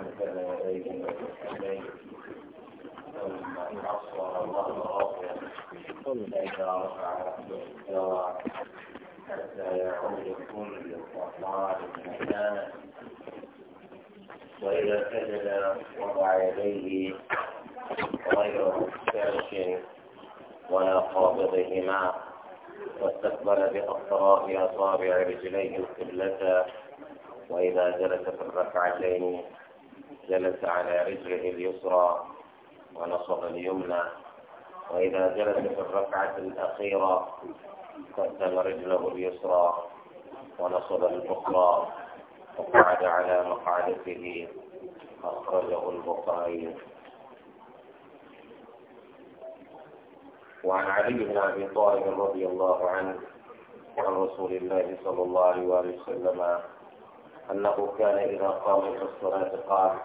فإذا رفع استوى حتى يعود كل الأطلال مكانه وإذا سجد وضع يديه غير كرش ولا قابضهما واستقبل بأطراف أصابع رجليه القبلة وإذا جلس في الركعتين جلس على رجله اليسرى ونصب اليمنى وإذا جلس في الركعة الأخيرة قدم رجله اليسرى ونصب الأخرى وقعد على مقعدته أخرجه البخاري وعن علي بن أبي طالب رضي الله عنه عن رسول الله صلى الله عليه وسلم أنه كان إذا قام في الصلاة قال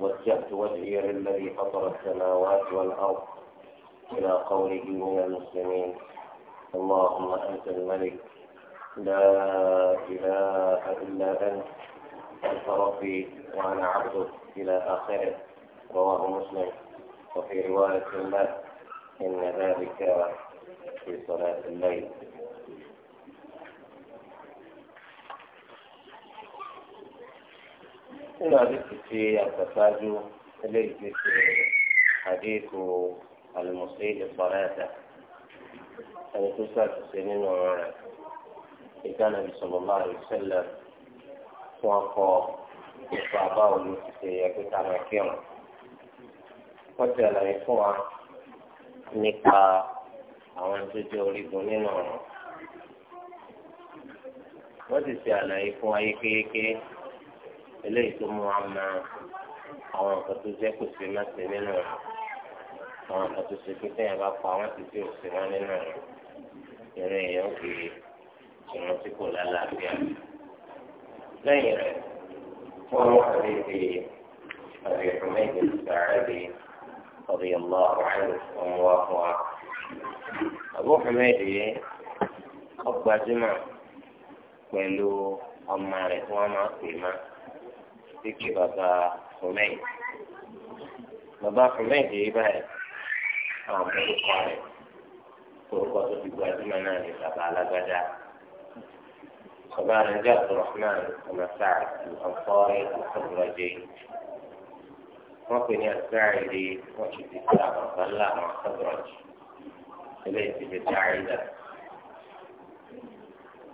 وجهت وجهي للذي فطر السماوات والأرض إلى قوله من المسلمين اللهم أنت الملك لا إله إلا أنت أنت ربي وأنا عبدك إلى آخره رواه مسلم وفي رواية له إن ذلك في صلاة الليل nínú àdéhùn ti àtàtàjù eléyìí ti ṣe àdéhùn àlùmọ̀sí ìfọ̀rẹ́ ẹ̀dá ẹni tó ṣàtúnṣe nínú ọ̀rọ̀ rẹ̀ ìdáná ìṣọ̀lọ́lá ìṣẹ̀lẹ̀ tí wọ́n kọ nípa báwo ló ti ṣe ẹgbẹ́ tá a máa kírun. wọ́n ti àlàyé fún wa nípa àwọn tó orígun nínú ọ̀rọ̀. wọ́n ti ṣe àlàyé fún wa yékéyéké. eléyìí tó mú wa mọ àwọn nǹkan tó jẹ́ kò sí má se nínú rẹ̀ àwọn nǹkan tó ṣe pípẹ́ yẹn bá pa wọ́n ti tí ò sí wọn nínú rẹ̀ eré yẹn ò fi ìrìn tí kò lálàáfíà lẹ́yìn rẹ̀ wọ́n mú àdéhìí àbí ìrùmẹ́jì sàárẹ̀dì ọ̀dọ̀ yẹn lọ àwọn àìsàn wá fún wa. àbúrò ìrùmẹ́jì yìí ọgbàdúmọ̀ pẹ̀lú ọmọ rẹ̀ tí wọ́n máa pè máa. síkì bàbá fúnmẹ́yì bàbá fúnmẹ́yì dé báyìí àwọn orúkọ rẹ̀ orúkọ tó fi gbajúmọ̀ náà ní bàbá alágbádá bàbá rẹ̀ jẹ́ abdulrahman ọmọ sáà ọ̀fọ́rẹ́ ọ̀fọ́rẹ́jẹ́ wọ́n pè ní àtúráì di wọ́n ti ti sá bàbá ńlá àwọn ọ̀fọ́rẹ́jẹ́ eléyìí ti fi sáà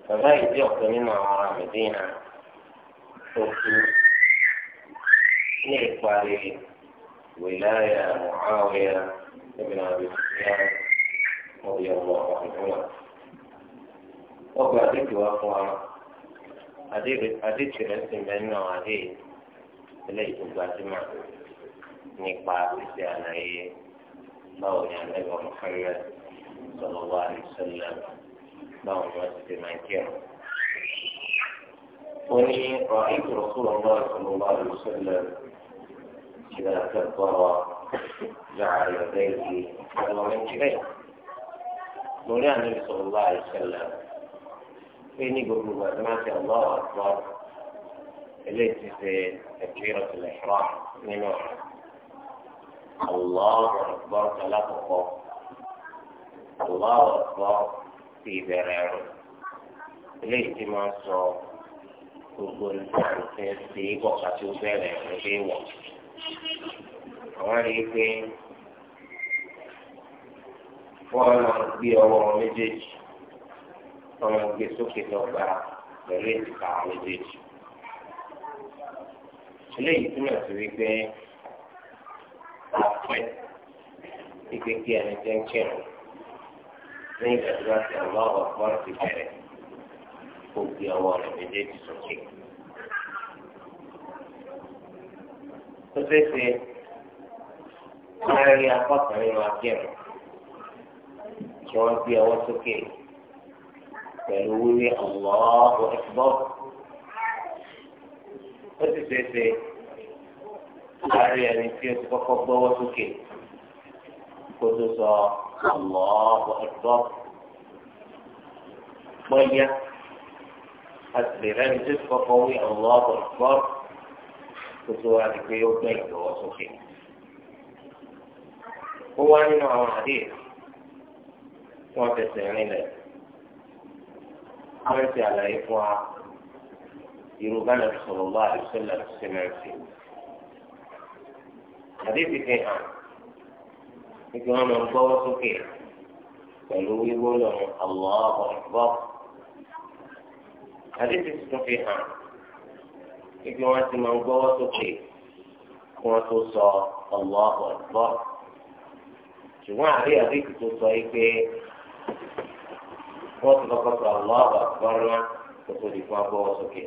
bàbá yìí jẹ́ ọ̀kan nínú àwọn ará ní ìparí wìláyà Muawiya ibn Abi Sufyan ọ̀bí ọ̀bọ̀ ọ̀hìnmọ́. ọgbà àdéhùn wa fún wa àdéhùn rẹ̀ sì mẹ́rin àdéhùn ilé ìtúgbà tí mà nípa ṣíṣe àlàyé báwo ni àlẹ́gbọ̀n Muhammad sallallahu alaihi wasallam báwo ni wọ́n ti fi máa kírun. ó ní ra'aytu Rasulullah sallallahu alaihi wasallam. إذا كبر جعل يديه أمام منكبيه مولانا النبي صلى الله عليه وسلم فيني يقول سمعت الله أكبر التي في تكبيرة الإحرام من الله أكبر ثلاث فوق الله أكبر في برار ليس ما صار gbogbo nǹkan ṣe é ṣe é bọ̀ àwọn rí i pé wọ́n máa gbé méjèèjì wọ́n máa gbé sókè lọ́gbà pẹ̀lú ìdìkà méjèèjì. eléyìí túmọ̀ sí wípé àpẹ ìgbégi ẹni jẹ́ ń kírun ní ìgbàdúrà tí àwọn ọ̀pọ̀ ti bẹ̀rẹ̀ kó ọwọ́ rẹ̀ méjèèjì sókè. tó ṣeéṣe láàrin akọ́kàn nínú akẹ́rù tí wọ́n gbé ọwọ́ sókè pẹ̀lú wíwí Allahu Akbar ó sì ṣeéṣe láàrin ẹni tí ó ti kọ́kọ́ gbọ́wọ́ sókè kó tó sọ Allahu Akbar pọ́nyá a sì lè rẹ́ni tó ti kọ́kọ́ wí Allahu Akbar tuntun wa di pé ó gbé ìlọ́wọ́ sókè. ó wá nínú àwọn àdéhùn tí wọ́n fẹsẹ̀ rinlẹ̀ wọ́n ti àlàyé fún wa irú bánà sọ̀rọ̀ bá àdìsọ́lá sẹ́mẹ̀ǹsì. àdéhùn fi hàn nígbà wọn máa ń sókè pẹ̀lú wíwó lọ́rùn àwọn ọ̀pọ̀ àdéhùn tuntun fi hàn ibi wọn ti máa ń gbọ́wọ́ sókè kí wọ́n tó sọ Allahu Akbar ṣùgbọ́n àárẹ̀ àdéhùn tó sọ yìí pé wọ́n ti kọ́kọ́ sọ Allahu Akbar náà kó tó di fún agbọ́wọ́ sókè.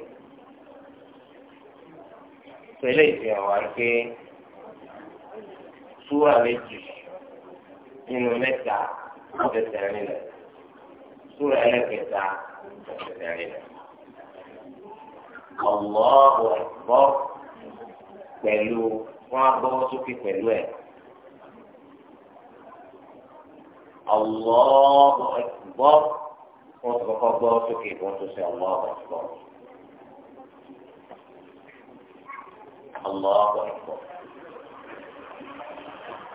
pẹ̀lẹ́ ìfihàn wa pé súwà méjì nínú mẹ́ta ọ̀fẹ́sẹ̀ rìn lẹ̀ súwà ẹlẹ́kẹta ọ̀fẹ́sẹ̀ rìn lẹ̀. Allahu Akbar pẹ̀lú wọn abọ́wọ́ sókè pẹ̀lú ẹ̀. Allahu Akbar wọn tó kọ́kọ́ gbọ́ sókè wọn tó ṣe Allahu Akbar. Allahu Akbar.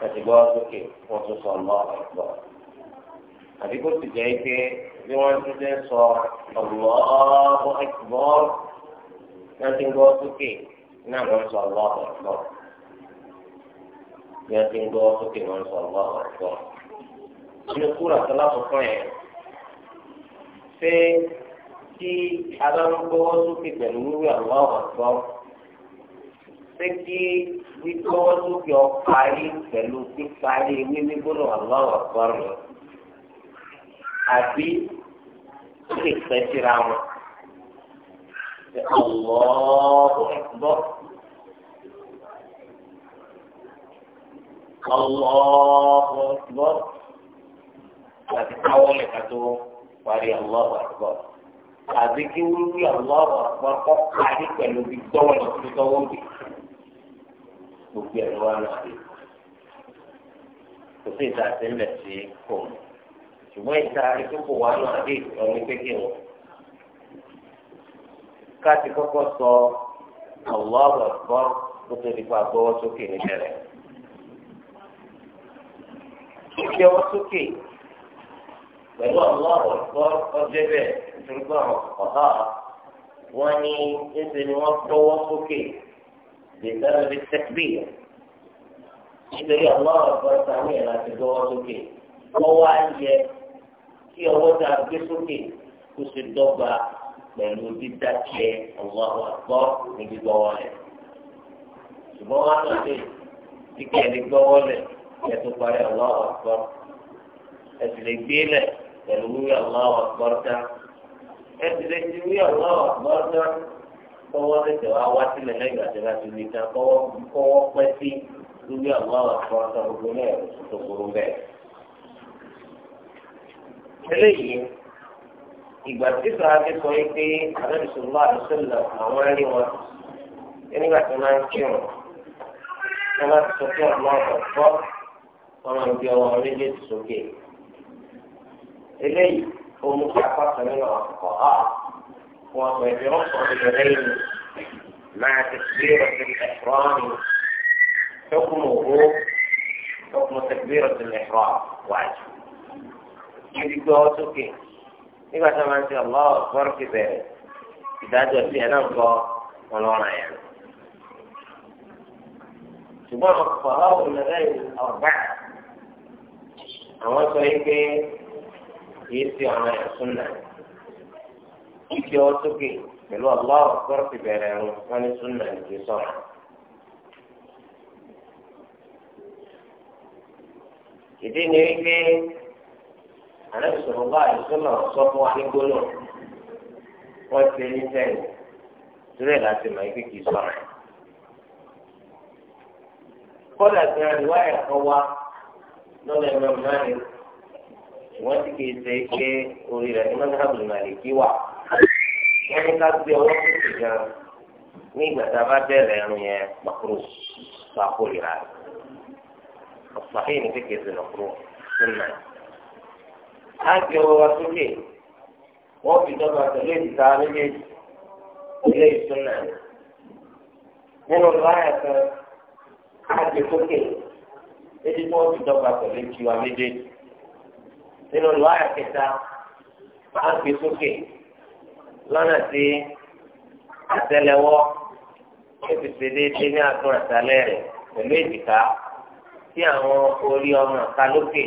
Kàtí gbọ́ sókè wọn tó ṣe Allahu Akbar. Àbíkó ti jẹ́ ike bí wọ́n ti jẹ́ sọ Allahu Akbar náà ti ń gbọ́ sókè náà wọ́n sọ Allahu Akbar bí wọ́n ti ń gbọ́ sókè wọ́n sọ Allahu Akbar. inú kúrò àtọ́lá tuntun yẹn ṣé tí alágbọ́wọ́ sókè pẹ̀lú wíwí Allahu Akbar ṣé kí wíwọ́wọ́ sókè ọ parí pẹ̀lú píparí wíwí gbọ́dọ̀ Allahu Akbar rẹ̀ àbí ó lè fẹ́ síra wọn. الله أكبر الله أكبر أتحول كتو واري الله أكبر أذكي ولي الله أكبر قد عليك أنه بالدول بالدول gbogbo ẹ̀rọ wa lọ sí kò sí ìta àtẹ̀lẹ̀ sí kò ṣùgbọ́n ìta ikú kò wá lọ sí ọ̀rọ̀ kékeré wọn káàtì kọ́kọ́ sọ Allahu Akbar kó tó nípa gbọ́wọ́ sókè níbẹ̀rẹ̀. Ìgbẹ́wọ́ sókè pẹ̀lú Allahu Akbar ọjọ́ bẹ́ẹ̀ nígbà ọ̀há wọ́n ní ẹsẹ̀ ni wọ́n gbọ́wọ́ sókè lẹ́sẹ̀rẹ̀ bí tẹ́kbí. Nítorí Allahu Akbar sàmì ẹ̀ láti gbọ́wọ́ sókè. Wọ́n wá yẹ kí ọwọ́ tá gbé sókè kó ṣe dọ́gba pẹ̀lú dídákẹ́ ọ̀wọ́ àgbọ́ níbi gbọ́wọ́ rẹ̀. ṣùgbọ́n wọn náà lè kíkẹ́ ẹni gbọ́wọ́ rẹ̀ ẹ̀tún parí ọ̀wọ́ àgbọ́ ẹ̀sìn lè gbé lẹ̀ pẹ̀lú wí ọ̀wọ́ àgbọ́ dá ẹ̀sìn lè ti wí ọ̀wọ́ àgbọ́ dá kọ́wọ́ tẹ̀tẹ̀ wá wá sílẹ̀ lẹ́yìn àtẹ̀lá tó ní ká kọ́wọ́ pẹ́ sí wí ọ̀wọ́ àgbọ́ dá gbogbo ìgbà tí sàábì sọ yìí pé àlejò sọlá àdúsọlá àwọn ẹni wọn nígbà tí wọn ń kírun wọn bá ti sọ pé ọmọ ọgbọ wọn máa ń bí ọmọ méjèèjì sókè eléyìí ohun tí apáta nínú ọkọ á wọn sọ èdè wọn sọ èdè lẹ́yìn máa ti gbé ọtí ẹfrọọmì tókùn òwò tókùn tẹgbé ọtí ẹfrọọmì wájú. Ibi gbọ́ sókè nígbà tí wọn máa ń ṣe ọlọ ọgbọrọ ti bẹ̀rẹ̀ ìdájọ́ sí ẹ náà kọ ọlọ́run àyà ṣùgbọ́n ọkọ ọhún lẹ́yìn ọgbà àwọn sọ yìí pé kì í ṣe ọ̀ràn ẹ̀sùn náà ìjọ sókè pẹ̀lú ọlọ ọgbọrọ ti bẹ̀rẹ̀ wọn ní súnà ìjọ sọ̀rọ̀. ìdí ni wípé àlẹ́ sọ̀rọ̀ bá àdìsọ́nà sọ na wa ní gbólọ̀ wọ́n ti ní sẹ́yìn torí ẹ̀ láti mọ̀ ike kì í sọ̀rọ̀ ẹ̀. kọ́dà tí a lè wá ẹ̀kọ́ wa lọ́dọ̀ ẹ̀rọ mẹ́rin wọ́n ti kì í ṣe pé orí rẹ̀ ní mọ́tàbù màlìkí wà. wọ́n ní ká gbé ọwọ́ sókè gan ní ìgbà tá a bá bẹ̀rẹ̀ ẹ̀rù yẹn pàkúrò pàkúrò ìrà rẹ̀. ọ̀pọ̀ àfihàn kékeré lọ́kúrò sínú á gbé ọwọ́ wa sókè wọ́n fi dọ́gba pẹ̀lú ìdíkà méjèèjì ilé ìtúnà nínú láyà kan á gbé sókè ebi tí wọ́n fi dọ́gba pẹ̀lú ìtiwa méjèèjì nínú láyà kẹta á gbé sókè lọ́nà tí àtẹ́lẹwọ́ ebi tí déédéé ní àtún àtàlẹ́ rẹ̀ pẹ̀lú tí àwọn orí ọmọ àkàlókè.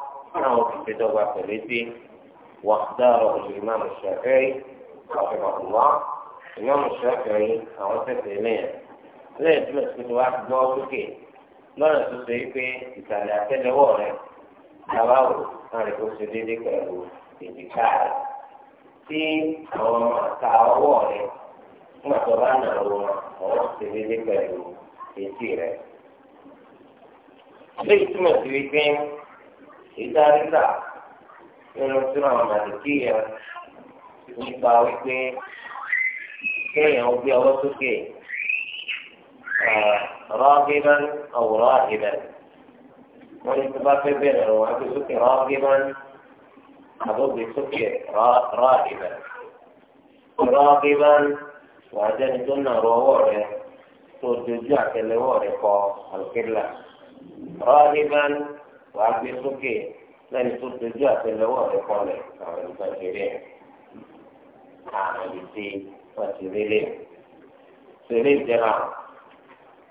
náà fi ṣe dọ́gba pẹ̀lú sí wàhálà ìmáàmù Ṣafi'i ọ̀hìnmọ̀hùnmọ́ ìmáàmù Ṣafi'i àwọn tẹ̀sẹ̀ lẹ́yìn lẹ́yìn tí lọ́sùn tó wá gbọ́ sókè lọ́nà tó ṣe pé ìsàlẹ̀ àtẹ́lẹwọ́ rẹ̀ làwáwò náà lè kó ṣe déédéé pẹ̀lú èjìká rẹ̀ tí àwọn àta ọwọ́ rẹ̀ fún àtọ́bá náà wọn ọwọ́ ṣe déédéé pẹ̀lú èjì rẹ̀. lẹ́yìn tí mo ti rí pé ìdáríkà nínú tí wọn màlìkì yẹn nípa wípé kéèyàn ó gbé ọwọ́ sókè راغبا أو راهبا والانتباه في بين الروايات سكي راغبا أضرب سكي راهبا راغبا وعدن دون رواره ترجع كالروار القبلة راغبا wàá gbé sókè lẹ́ni tó dojú àtẹ́lẹwọ́ rẹ̀ kọlẹ̀ àwọn ìgbà kéré àwọn ìdí wọn ti rí lé tó ilé ìjẹra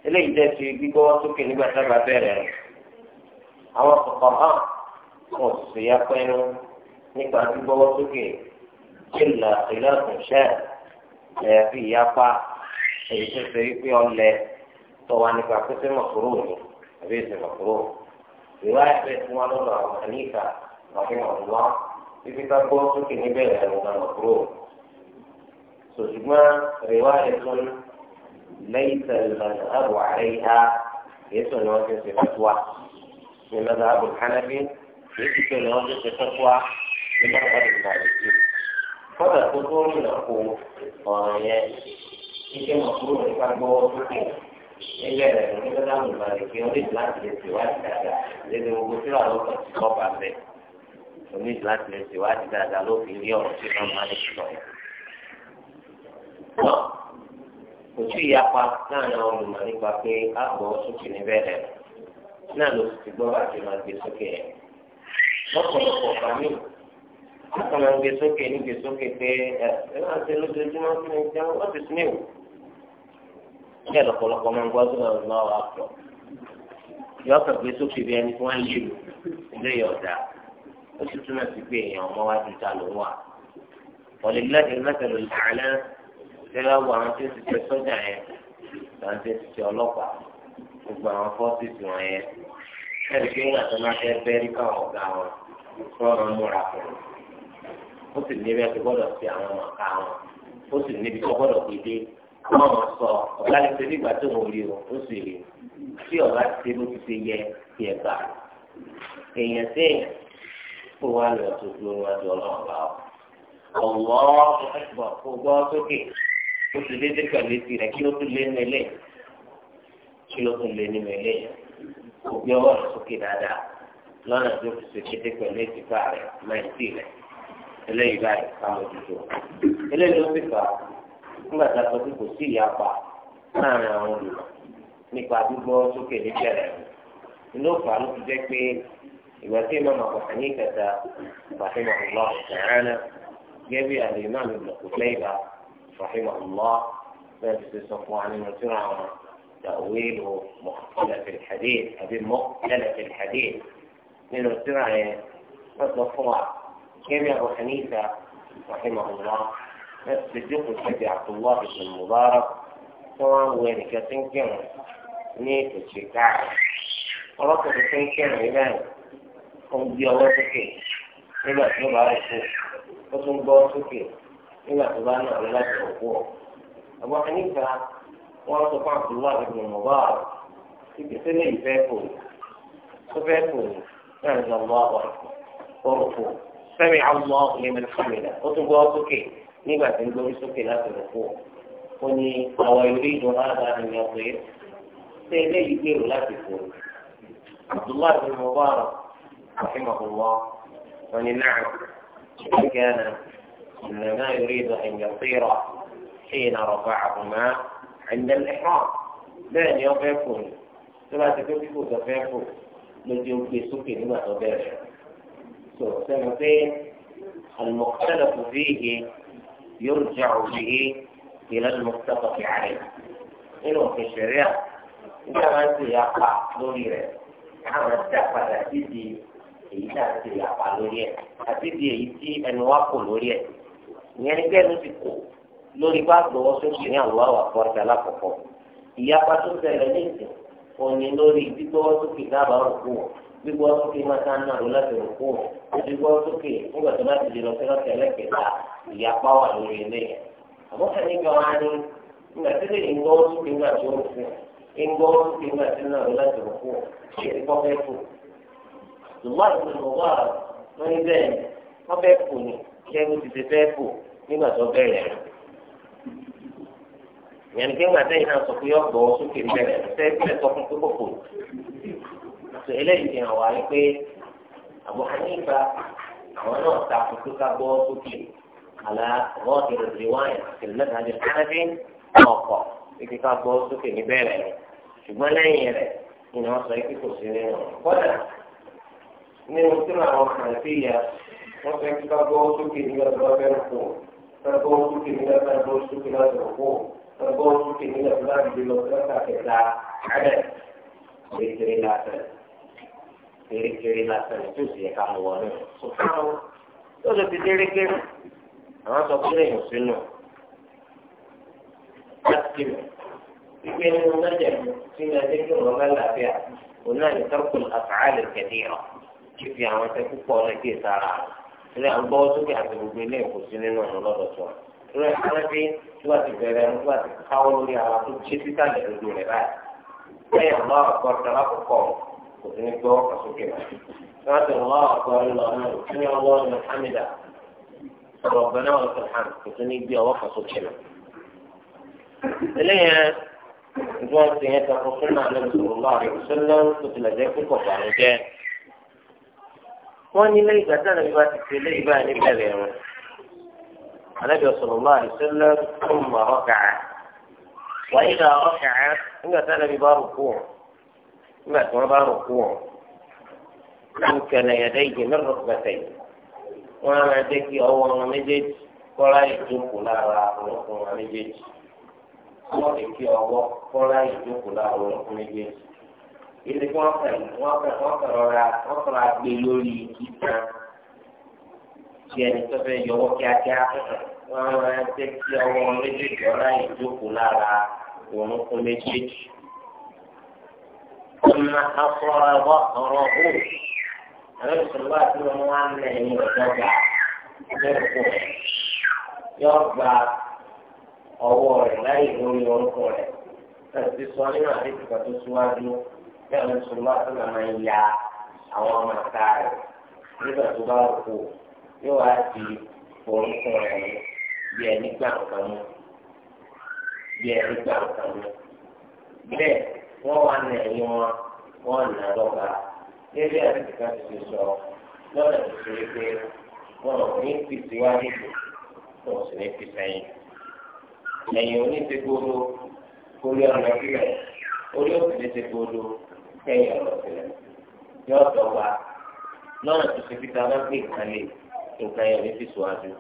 eléyìí jẹ́ ti gbígbọ́wọ́ sókè nígbà tábà bẹ̀rẹ̀ àwọn kọ̀kọ̀ hàn kò sì yá pẹ́nu nípa gbígbọ́wọ́ sókè ìlà ìlà ìṣẹ́ ẹ̀yàfi ìyapa èyí tó ṣe wípé ọlẹ tó wà nípa pípé mọ̀kúrò ni àbí èsì mọ̀kúrò. رواية بيت مولانا أبو حنيفة رحمه الله في كتاب سكي نبيل أنه مكروه سجما رواية ليس المذهب عليها يسوى نواجه في فتوى من مذهب الحنفي يسوى نواجه في فتوى من مذهب المالكي فذا كتور من أقول قال يا إيش مكروه كان بوصفه ẹyẹ rẹ̀ ló ní gbọ́dọ̀ àwọn ìbàdàn pé wọ́n ní láti lè ṣèwádìí dáadáa lédè gbogbo tí wàá lọ́kọ̀ tí kọ́ bá fẹ́ wọ́n ní láti lè ṣèwádìí dáadáa ló fi rí ọ̀rọ̀ tí wọ́n máa ń sọ. kò sí ìyapa láàrin àwọn olùmọ̀ nípa pé àgbọ̀ sókè níbẹ̀ rẹ̀ náà ló ti gbọ́ àti máa gbé sókè yẹn. lọ́pọ̀lọpọ̀ bàmí wọ́n kàn máa gbé sókè ní gbé sókè pé ẹ̀ bẹ́ẹ̀ lọ́pọ̀lọpọ̀ máa ń gbọ́ sọ́dọ̀ ọ̀gbọ́n àwọn àpọ̀ yọ ọkàn gbé sókè bí ẹni tí wọ́n lé lò ilé yọ̀ọ̀dà ó sì túmọ̀ sí pé èèyàn ọmọ wa ti ta ló wà ọ̀lẹ́gbẹ́ ìrẹsẹ̀lẹ̀ ìtàlẹ́ tẹ́lẹ̀ wọ àwọn tí ó ti tẹ sọ́jà yẹn àwọn tí ó ti tẹ ọlọ́pàá gbogbo àwọn fọ́ọ̀sìsì wọn yẹn ẹ̀rí pé ńgbà tó máa fẹ́ bẹ́ẹ̀rí káwọn ọ̀gá wọn fọ́ọ̀rọ̀ múra fún ọmọ wọn sọ ọ̀làlẹ́ pé nígbà tó wọ́n rí o ó sì rí o tí ọ̀rá ti ló ti ṣe yẹ kí ẹ bá èèyàn sí èèyàn kó wá lọ tó dúró wájú ọlọ́run bá ọ ọ̀wọ́ ẹ̀fọ́ kó gbọ́ sókè ó sì déédéé pẹ̀lú etí rẹ̀ kí ló tún lé nínú kí ló tún lé nínú ilé gbé ọwọ́ rẹ̀ sókè dáadáa lọ́nà tó fi ṣe déédéé pẹ̀lú etí fà rẹ̀ máa ń tì rẹ̀ eléyìí báyìí ká mọ̀ eléyìí ló sì fà á. nígbà ti a sọ pé kò sí ìyapa láàrin àwọn ìmọ̀ nípa gbígbọ́ sókè níbẹ̀rẹ̀ ló fà á ló ìfàfin jẹ́ pé ìgbà tí ìmọ̀ àkọ́kọ́ ní ìkẹta fàhímà ọ̀lá ọ̀sẹ̀rẹ́nà gẹ́bí àlè náà iwa ti sọ fún wa nínú tí wọ́n àwọn تأويل مختلف الحديث أبي مختلف الحديث من السرعة فالضفرع كم أبو حنيفة رحمه الله الصديق الحاج عبد الله بن المبارك سواء وين كتن كان نيك الشكاع ورقة كتن كان إلهي قم بي الله سكي إلا تبع رسول وسن بور سكي إلا تبع نعملات عبد الله بن المبارك يبقى لي فاكل فاكل أنزل الله ورحمه سمع الله لمن حمله وتبوا nígbà tí ń gbórí sókè láti rò fún ọ ní àwọn ìlú ìdùn ààbà ni wọn pè é ṣé eléyìí gbèrò láti fò ó abdullahi bin mubarak rahimahullah wọn ni náà ṣe ìgbàgánà ìnáná ìlú ìdùn àyànfẹ́rọ حين رفعهما عند الإحرام bẹ́ẹ̀ ni ọbẹ̀ kù ní tó bá ti pé kíkò tó fẹ́ kù lójú gbé sókè nígbà tó bẹ̀rẹ̀ tó sẹ́nu pé àlùmọ̀kálà kò fi يرجع به إلى المتفق عليه إنه في الشريعة إذا ما يقع لوري أما استقبل أتيتي إذا يقع لوري أتيتي إيتي أنواق لوري يعني كان يتكو lórí bá gbowó sókè ní àwọn àwọn àkọọ́tà lákòókò ìyapa tó tẹ̀lé ní ìsìn òní lórí gbígbọ́ sókè máa ká náà láti rò kó gbígbọ́ sókè nígbà tó bá ti di lọ sí lọ́sẹ̀ lẹ́kẹ̀ẹ́ta ìyapa wà lórí ilé àmọ́ sẹ́ni kan wá ní nígbà tí lè gbọ́ sókè nígbà tó ń fún gbígbọ́ sókè nígbà tí náà láti rò kó ṣe é kọ́ fẹ́ fò lùwà lùwà wọ́n ní bẹ́ẹ̀ wọ́n fẹ́ fò ní kẹ́mi ti ti fẹ́ fò nígbà tó bẹ̀rẹ̀ ìyẹn ni kí nígbà tẹ́yìn náà sọ pé ọ̀gbọ́n sókè bẹ̀rẹ̀ sẹ́ẹ̀ sọ eléyìí fi hàn wá pé àbọ̀ hanifa àwọn náà ta kókó ká gbọ́ sókè àlà rọ́ọ̀tì rìwáìn àtìlẹ́ mẹ́ta ní kánáfì ọ̀pọ̀ kíkí ká gbọ́ sókè níbẹ̀rẹ̀ rẹ̀ ṣùgbọ́n lẹ́yìn rẹ̀ ni wọ́n sọ pé kò sí nínú kọ́dà nínú tí àwọn kànáfì yà wọ́n sọ pé ká gbọ́ sókè nígbà tó bá fẹ́ kó ká gbọ́ sókè nígbà tó bá sókè láti kó ká gbọ́ sókè nígbà tó bá dìbò lọ sí ọ̀sà kẹta àdẹ̀ kérékéré lásán tó sì yẹ ká mọ wọn náà sọfáwọn tó lè fi kérékéré àwọn sọ pé lẹ́yìn sínú láti rẹ wípé nínú mẹjẹ tí ní ẹjẹ kí wọn bá làbíà òun náà ní sọkùn àfàálẹ kẹdíọ fífi àwọn ẹsẹ púpọ̀ ọ̀nà kí ìsara ilé àwọn gbọ́ sókè àti gbogbo ilé ẹ̀kọ́ sí nínú ọ̀nà lọ́dọ̀ tó wọn. ìwé ẹ̀ka pé tí wọ́n ti bẹ̀rẹ̀ ẹni ti káwọ́ lórí àwọn tó ṣe títà lẹ́dọ̀dọ̀ rẹ̀ báyìí. bẹ́ẹ̀ ọ̀nà ọ̀kọ́ وتنك توقع سكينة فاتر الله أكبر الله أمره سمع الله من حمده ربنا ولك الحمد وتنك بي أوقع سكينة إليه جوان سيئة رسولنا النبي صلى الله عليه وسلم قتل ذلك القرآن جاء وأن إليه قتل بباتك إليه بأن يبدأ النبي صلى الله عليه وسلم ثم ركع وإذا ركع إن كان بباركوه nígbà tí wọ́n bá rò kú wọn wọn kẹlẹ yẹdẹ yìí mẹrọ pẹtẹ yìí wọn á máa jẹ kí ọwọ́ wọn méjèèjì kọlá ìjókòó lára ọlọpàá wọn méjèèjì wọn lè fi ọwọ́ kọlá ìjókòó lára ọlọpàá méjèèjì èdè kí wọn kàn wọn kàn wọn kàn rọra wọn kàn rà gbé lórí ìtàn tí ẹni tó fẹ́ yọwọ́ kíákíá wọn á máa jẹ kí ọwọ́ wọn méjèèjì kọlá ìjókòó lára ọlọpàá méjèèjì. ثم حصر ظهره عليه الصلاة والسلام أنه يرتفع يركض يرفع أوره لا يقول يركض فالتصالين عليك فتسواد كان رسول الله صلى الله عليه وسلم أو ما تعرف إذا تبارك يؤدي فرصة بأن يكون كمون بأن يكون كمون بأن wọ́n wá nà ẹ̀yìn wọn wọ́n nà lọ́ba lórí àtìká ti ti sọ lọ́nà tó ṣe é pé wọn ò ní fi síwájú tó wọn sì ní fi sẹ́yìn. ẹ̀yìn oníṣègbodò orí ọ̀nà sílẹ̀ orí òṣèléṣègbodò kẹ́yìn ọ̀nà sílẹ̀ yóò tọ́ wa lọ́nà tó ṣe fita wọn gbé ìkànnì nǹkan yẹn ní fi síwájú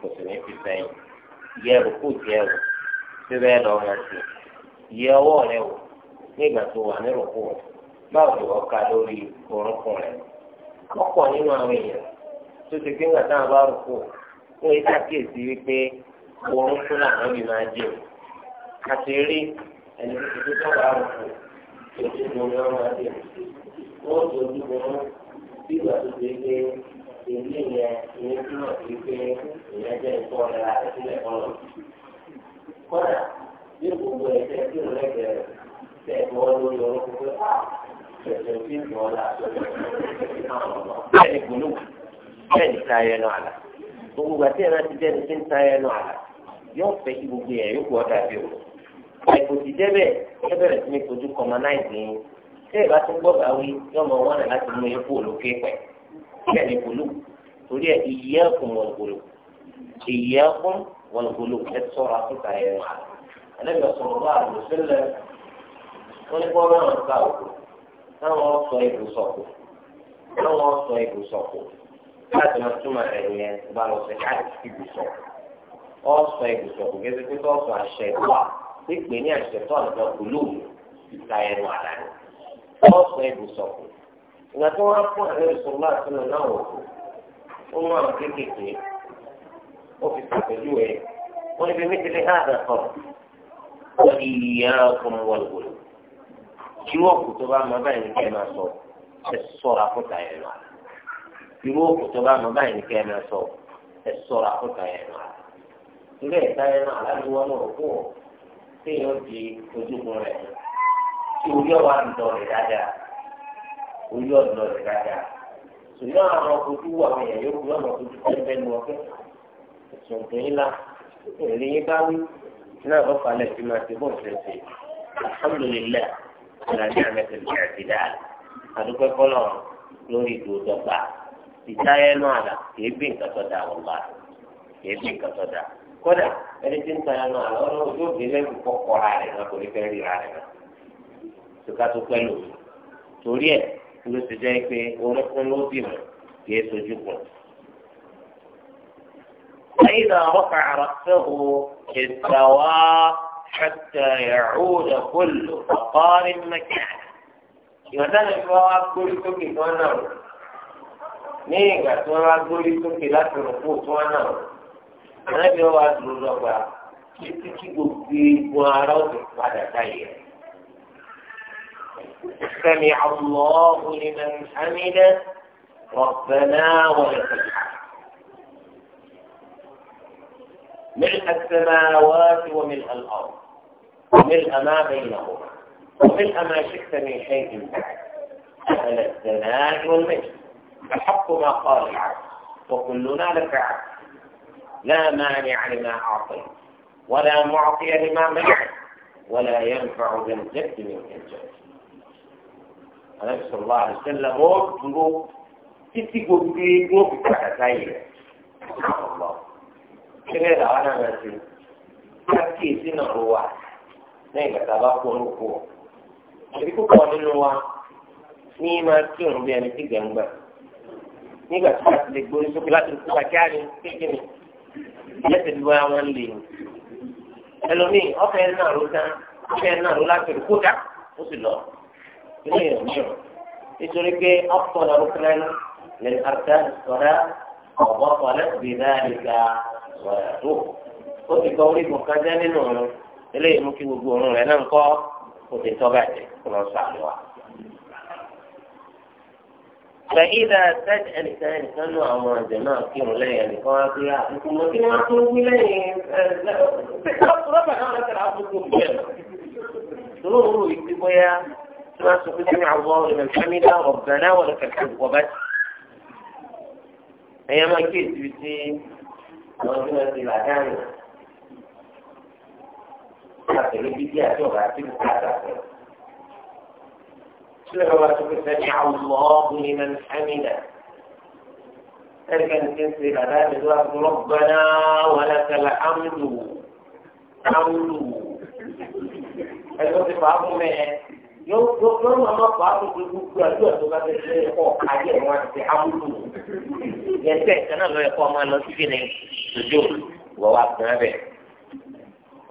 kò sì ní fi sẹ́yìn. yẹ ẹ̀rù kò jẹ́ ẹ̀rù síbẹ̀ lọ́wọ́ sí yẹ ọwọ́ rẹ wò nígbà tó wà nírò kù báwo ni wọ́n ka lórí orúnkún rẹ̀ ọ̀pọ̀ nínú àwọn èèyàn tó ti gbé ńgbà táwọn bá rò kù wọ́n yìí ṣàkíyèsí wípé orúnkún làwọn bí máa jẹ àti rí ẹni tó ti tó bá rò kù ètò ìgbòho wọn máa jẹ wọ́n tó dúró bí ìgbà tó ti gbé èmi yẹn ìyẹn túmọ̀ sí pé ìyẹn jẹ́ ìtọ́ ọ̀rẹ́ àti ìlẹ̀ ọ̀rọ̀ kọ́dà bí gbogbo ẹ̀jẹ̀ tí bẹ́ẹ̀ bọ́ lórí ọ̀rọ̀ pípẹ́ ṣẹ̀ṣẹ̀ fi ń bọ̀ ọ́lá bẹ́ẹ̀ ni gbólú bẹ́ẹ̀ ni ta ẹnu àlà gbogbo ìgbà tí ẹ̀rọ ti jẹ́ ni ti ń ta ẹnu àlà yóò fẹ́ kí gbogbo yẹn yóò kú ọ̀dà bí o ẹ̀kọ́ ti débẹ̀ ẹ bẹ̀rẹ̀ sí ní kojú kọmanáìsì yín tí ẹ bá ti gbọ́ bá wí yóò mọ wọn láti mú yín kú òlókè pẹ̀ bẹ́ẹ̀ ni gbólú torí ẹ ìyẹ́kùn wọn gbólú ìyẹ́kùn wọn gbólú ẹ sọ̀rọ̀ àtúntà ẹnu àlà ẹ̀ wọ́n ní kọ́ náà ká òkú táwọn sọ ibùsọ̀kù táwọn sọ ibùsọ̀kù láti máa túmọ̀ ẹ̀yìn ẹ̀ bá lọ sí àti ibùsọ̀kù ọ̀sọ̀ ibùsọ̀kù gẹ́gẹ́ pé ọ̀sọ̀ àṣẹ wà pípé ní àṣẹ tó àlọ́ kúlù ìta ẹnu àlá ni ọ̀sọ̀ ibùsọ̀kù ìgbà tí wọ́n á fún àwọn kéékèèké ó fi pàtẹ́jú ẹ̀ wọ́n ibi irú ọ̀kú tó bá mọ báyìí nìkẹ́ máa sọ ẹ sọ̀rọ̀ àkótà yẹn lọ irú ọ̀kú tó bá mọ báyìí nìkẹ́ máa sọ ẹ sọ̀rọ̀ àkótà yẹn lọ ilé ẹ̀ka yẹn náà aláwọ̀ náà kú ọ̀ téèyàn di ojúkun rẹ̀ tí orí ọ̀wá ń dọ̀ rẹ̀ dáadáa orí ọ̀dọ̀ rẹ̀ dáadáa ṣùgbọ́n àwọn ojú wà wọ̀nyẹn yóò kú lọ́nà ojú pẹ́ẹ́pẹ́ ni wọ́n fẹ́ على نعمة الاعتدال هذا كله نريد دفع ìtayẹ náà àlà kìí bí nǹkan tó dáa wọlá kìí bí nǹkan tó dáa kódà ẹni tí ń tayẹ náà àlà ọlọ́run yóò gbé lẹ́yìn kọ́kọ́ ra rẹ̀ náà torí fẹ́ẹ́ rira rẹ̀ náà tùkà tó pẹ́ lòmí torí ẹ̀ ló ti jẹ́ pé orúkún ló bì mọ́ kìí sojú kù. lẹ́yìn náà wọ́n kà àrà fẹ́ o ìtàwá. حتى يعود كل فقار مكانه يوتن الفواب كل كل تونا نيجا تونا كل كل لا تنفو تونا أنا جوا دلوا بقى títí tí gbogbo egun ara ó سمع الله لمن حمده ربنا ولك الحمد ملء السماوات وملء الأرض وملء ما بينهما وملء ما شئت من شيء بعد أهل الزناد والمجد فحق ما قال العبد وكلنا لك عبد لا مانع لما أعطيت ولا معطي لما منعت ولا ينفع ذا الجد من الجد النبي صلى الله عليه وسلم يقول títí gbogbo egun òkú kàkàtà yìí ọlọ kílẹ̀ làwọn náà máa ti ká kí èsì lẹ́yìn bàtà bá kú olóko ẹbí púpọ̀ nínú wa ní máa kí òun bí ẹni tí gbẹ̀ngbẹ̀ nígbà tí wọ́n ti lè gbórí sókè láti kú bàjẹ́ àrí kékeré lẹ́sẹ̀ bí wọ́n wọn lè ẹlòmíì ọ̀fẹ́ náà ló dá ọ̀fẹ́ náà ló láti kó dá ó sì lọ ilé ìrìn mìíràn nítorí pé ọ̀pọ̀ náà ló kẹ́rẹ́ lẹ́yìn àrùtá sọ̀rọ̀ ọ̀bọ̀ sọ̀rọ̀ bí dáa lè ga sọ̀rọ̀ tó ó ti gbọ́ orí kọ̀ọ̀kan jẹ́ nínú ọ̀run. eléyìí mú kí gbogbo òórùn rẹ̀ náà ń kọ́ òde tó bàjẹ́ kó lọ sọ àlọ́ wa. Fẹ̀yìdà sẹ́ẹ̀dì ẹnìkan ẹnìkan nù àwọn ọ̀jẹ̀ náà kírun lẹ́yìn ẹnìkan wá sí àkókò mọ́ kí wọ́n tún wí lẹ́yìn rọ́bà náà lọ́sẹ̀ rà fún gbogbo ẹ̀. Sọ̀rọ̀ òru ìdí bóyá tí wọ́n sọ pé kí ni àwọn ọ̀rẹ́ ìfẹ́mi dá ọ̀gá náà wọ̀lẹ̀ kẹ̀kẹ́ wọ̀ bá ti. Ẹ̀yẹ́ máa kí èsì tí àwọn ọdún ẹ̀ ti là dáhùn. àtẹ̀lé bíbí àti ọ̀gá àti bùkà àtàkùn. Sílẹ̀ bàbá tó fi sẹ́ni àwùmọ́ ọ̀gbìn ní Amina. Ẹ̀ríkẹ́ni ti ń ṣe dàda ìlú àgbọ̀rọ̀ gbaná wà lẹ́sẹ̀lẹ̀ Amdu. Amdu. Ẹ̀rọ ti fà á fún mẹ́ẹ̀. Yóò yóò máa ma fà á fún gbogbo gbogbo àdúrà tó bá fẹ́ ṣe ẹ̀kọ́ ayé wọn àti Amdu. Yẹn tẹ̀ ẹ̀ka náà lọ ẹ̀kọ́ máa lọ sí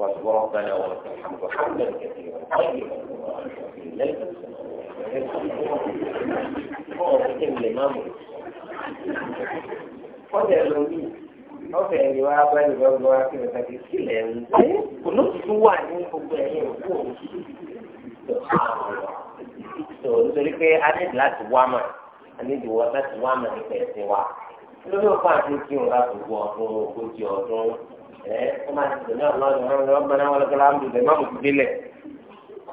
واصبر ربنا ولك الحمد حمدا كثيرا طيبا ليس هو كتب الامام ọdẹ lórí ọfẹ ẹni wa kí nǹkan ti sílẹ̀ ń tẹ kò ló tún wà ní gbogbo ẹ̀yìn òkú òun tó nítorí pé a ní láti wá mà a ní ìdíwọ́ láti wá mà nípa ẹ̀sìn wa lórí òkú àti kí n ra gbogbo ọdún ogójì ọdún ẹ kó máa ti tẹ̀lé ọlọ́run ọlọ́run ọmọ náà wọlé kọlá àmì ìbẹ̀ má mú ti délẹ̀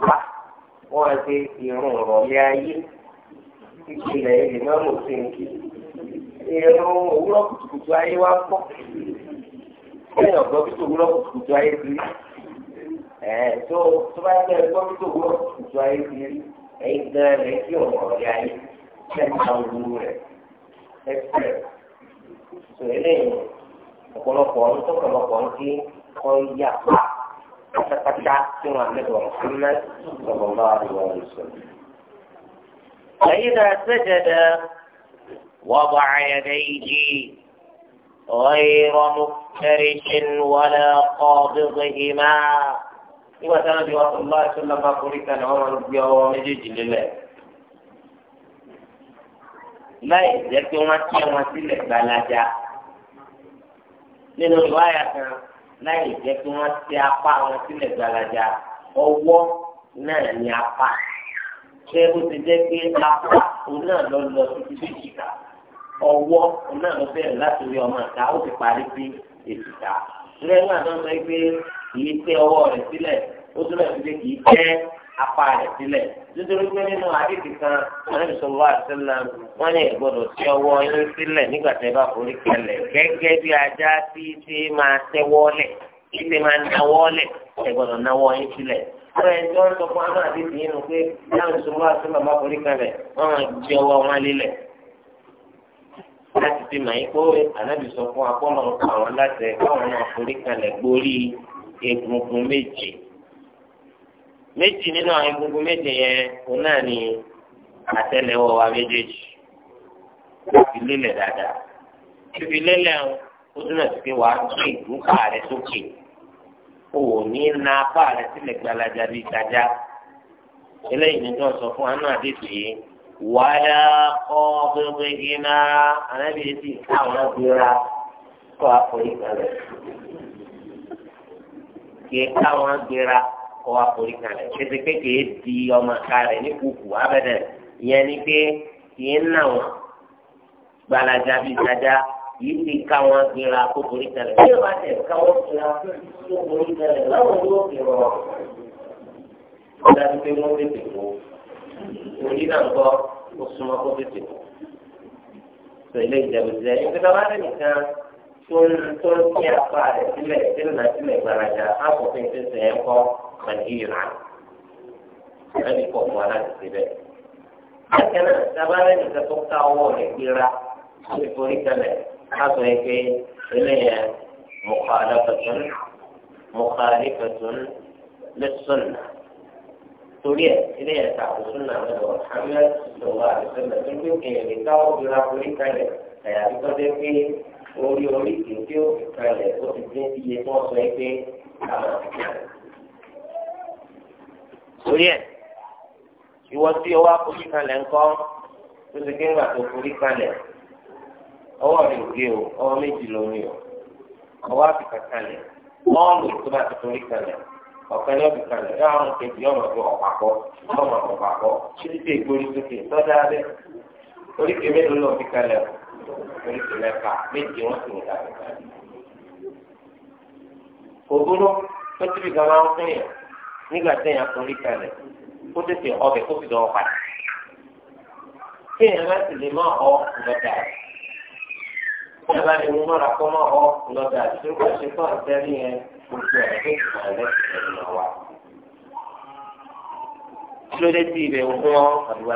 wá wọ́n á ṣe irun ọ̀rọ̀lẹ́ ayé ìpìlẹ̀ ilẹ̀ má mú sí ní irun òwúrọ̀ kùtùkùtù ayé wá pọ̀ ẹ̀yìn ọ̀gbọ́n bí tòwúrọ̀ kùtùkùtù ayé ti rí ẹ̀ eh, tó tó bá yẹ ọ̀gbọ́n bí tòwúrọ̀ kùtùkùtù ayé ti rí ẹ̀yìn gan rẹ̀ kí ọ̀rọ̀lẹ́ ayé kẹ́ńtà òwúrọ̀ rẹ̀ ẹ̀fẹ̀ ọ̀pọ̀lọpọ̀ ọdún tó pọ̀lọpọ̀ ń kí wọ́n yà pa pátápátá tí wọ́n àmẹ́bọ̀ ọ̀hánmẹ́ sọ̀rọ̀ bá àríwá rẹ̀ sọ. ẹ̀yin náà sẹ́jẹ̀dẹ̀ wọ́n bọ̀ àyẹ̀dẹ̀ ìjì غير مفترش ولا قابضهما nígbà tí a nàbí wàá sọlá ìṣọlá bá forí kan àwọn ọmọ gbé ọwọ́ méjèèjì lélẹ̀ láì jẹ́ pé wọ́n tẹ́ wọn sílẹ̀ gbalaja nínú ìwáyà kan láì jẹ́ kí wọ́n ti apá wọn sílẹ̀ gbalaja ọwọ́ náà ní apá ṣé ó ti jẹ́ pé apá òun náà lọ lọ títí sí ìjìká ọwọ́ òun náà lọ bẹ̀rẹ̀ láti rí ọmọ ìta o ti parí sí èjìká lẹ́yìn àná sọ pé kì í tẹ ọwọ́ rẹ̀ sílẹ̀ ó túnbọ̀ sí pé kì í tẹ́ apá rẹ̀ sílẹ̀ nítorí pé nínú àdìsí kan ànábì sọlọ àṣẹlẹ wọn ní ìgbọ́dọ̀ tí ọwọ́ yín sílẹ̀ nígbà tẹ́ bá forí kalẹ̀ gẹ́gẹ́ bí ajá tí tí máa tẹ́wọ́ lẹ̀ kí tí máa náwọ́ lẹ̀ ẹ gbọ́dọ̀ náwọ́ yín sílẹ̀ ọ̀rọ̀ ẹjọ́ ń sọ fún àwọn àdìsí yín nu pé ànábì sọlọ àṣẹlẹ bá forí kalẹ̀ wọn máa sọ fún akọ́nà àwọn láti ẹ̀ káwọn náà forí egungun méje. méjì nínú àwọn egungun méje yẹn nani náà wa méjèèjì láti lélẹ̀ dáadáa fífi lélẹ̀ o túnbọ̀ sí pé wàá tún ìdúkà rẹ sókè o ní na apá rẹ sílẹ̀ gbalaja bíi gbajà eléyìí ni tó sọ fún anú àdéhùn yìí ti kọ́ àpò ìgbàlẹ̀ kí káwọn abira. kọ́ wa forí kalẹ̀ kété kékeré di ọmọ ká rẹ̀ ní kùkù abẹ́dẹ̀ ìyẹn ni pé kì í nà wọn gbalaja bíi dada yìí ti ká wọn gbéra kó forí kalẹ̀ bí ó bá tẹ̀ ká wọn gbéra kó forí kalẹ̀ láwọn yóò fi rọ̀ ọ́ dájú pé wọ́n kó orí náà ń bọ́ súnmọ́ kó tètè kó. sọ ilé ìjẹ̀bù jẹ́ ìgbésẹ̀ wá lẹ́nìkan tó ń tó ń kí apá rẹ̀ sílẹ̀ sílẹ̀ náà sílẹ̀ gbàràjà àkókò tó ń sẹ̀ ẹ́ kọ́ màgìrà lẹ́nu pọ̀ mọ́ aláti ti bẹ̀. Bákan náà sábàárẹ̀ nìkan tó ká ọwọ́ rẹ̀ gbéra lórí forí kalẹ̀ láti rí pé eléyẹ mùkàlẹ́fẹ̀tún mùkàlẹ́fẹ̀tún lẹ́sùnà. Torí ẹ̀ eléyẹ tààkù súnà lọ́dọ̀ Hamẹ́t lọ́wọ́ àdìsẹ́lẹ̀ tó ń gbé kéèyàn lè ká gbéra forí kalẹ̀ àyàfi orí orí kì í kí ó kalẹ̀ ó ti dín iye tí wọ́n sọ ẹ́ pé àwọn àti torí ẹ̀ ìwọ tí ọwọ́ akójú kalẹ̀ ńkọ́ tó ti kéwà tó forí kalẹ̀ ọwọ́ mi ò gé o ọwọ́ méjì lómi o ọwọ́ àfikà kalẹ̀ mọ́ọ̀lù tó bá ti forí kalẹ̀ ọ̀kan yóò fi kalẹ̀ yóò àwọn kejì yóò máa fi ọ̀pá kọ́ yóò máa ọ̀pá kọ́ títí tí ègbórí sókè tọ́jà abẹ́ oríkèé mélòó lọ́ọ́ fi kalẹ̀ o oríṣi mẹ́fà méje wọ́n sì ń ta ìgbà. kò burú tó tíbi gan máa ń fún yẹn nígbà téèyàn forí kalẹ̀ kó tètè ọbẹ̀ kó fi dán padà. téèyàn bá sì lè má ọ lọ́dà rẹ̀. téèyàn bá lè mú mọ́ra kó má ọ lọ́dà rẹ̀ tó kọ́ ṣe fún àtẹ́rí yẹn gbogbo ẹ̀ tó kù máa lẹ́sìn ẹ̀ lọ wa. kí bá dé bí wọn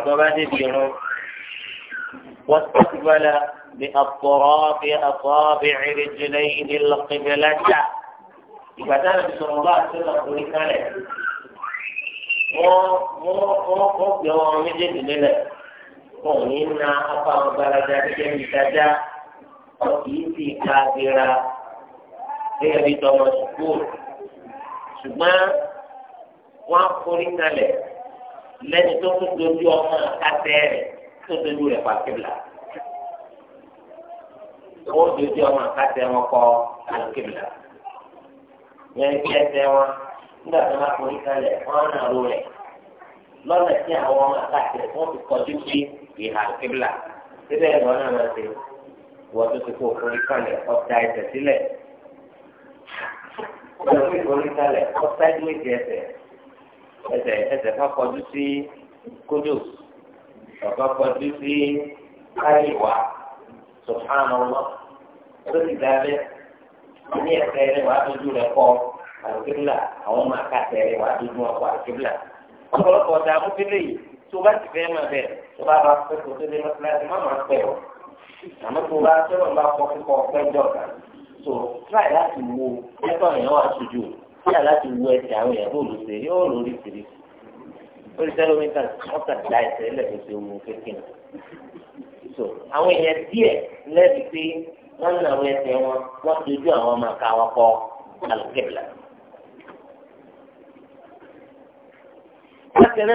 wọ́n ti bá la. بأطراف أصابع رجليه القبلة ìgbà tí a lè sọ̀rọ̀ bá a ti lọ orí kálẹ̀ wọ́n wọ́n gbé wọn méjèèjì lélẹ̀ wọn ò ní na apá wọn gbalaja gẹ́gẹ́ bí dájá wọn wọ́n dojú ọmọ àkàtẹ wọn kọ àlùkìlà yẹn kí ẹsẹ̀ wọn nígbà tó máa forí kalẹ̀ wọ́n á nàró rẹ̀ lọ́nà tí àwọn ọmọ àkàtẹ wọ́n ti kọjú sí ìhà àlùkìlà síbẹ̀ náà máa ṣe wọ́n tó ti kó ọ̀tá ẹsẹ̀ sílẹ̀ wọ́n ti ọ̀tá ẹsẹ̀ ẹsẹ̀ ẹsẹ̀ kọjú sí kódò subhanallah tó ti dá bẹ́ẹ̀ ní ẹ̀sẹ̀ rẹ̀ wàá dojú rẹ̀ kọ́ àlùkébìlà àwọn máa ká ẹ̀sẹ̀ rẹ̀ wàá dojú ọkọ̀ àlùkébìlà ọ̀pọ̀lọpọ̀ ọ̀dà amúfilé yìí tó bá ti fẹ́ máa bẹ̀rẹ̀ tó bá bá pẹ́ kó tó dé mọ́tíláṣí má máa pẹ́ o àmọ́ tó bá tẹ́lọ̀ bá kọ́ kíkọ́ ọ̀pẹ́ jọ̀ọ̀kan tó tíráì láti wo ẹ̀tọ́ èèyàn wà sójú tíráì láti wo ẹsẹ̀ àwọn èèyàn bóòlù ṣe yóò lórí tìrì orí tẹ́lómítà ọ̀tà dá ẹsẹ̀ lẹ́ẹ̀kẹ́ so àwọn èèyàn díẹ̀ lẹ́bi pé wọ́n ní àwọn ẹsẹ̀ wọn wọ́n dojú àwọn ọmọ ẹka wọn kọ́ àlùkẹ́bìlà. bákan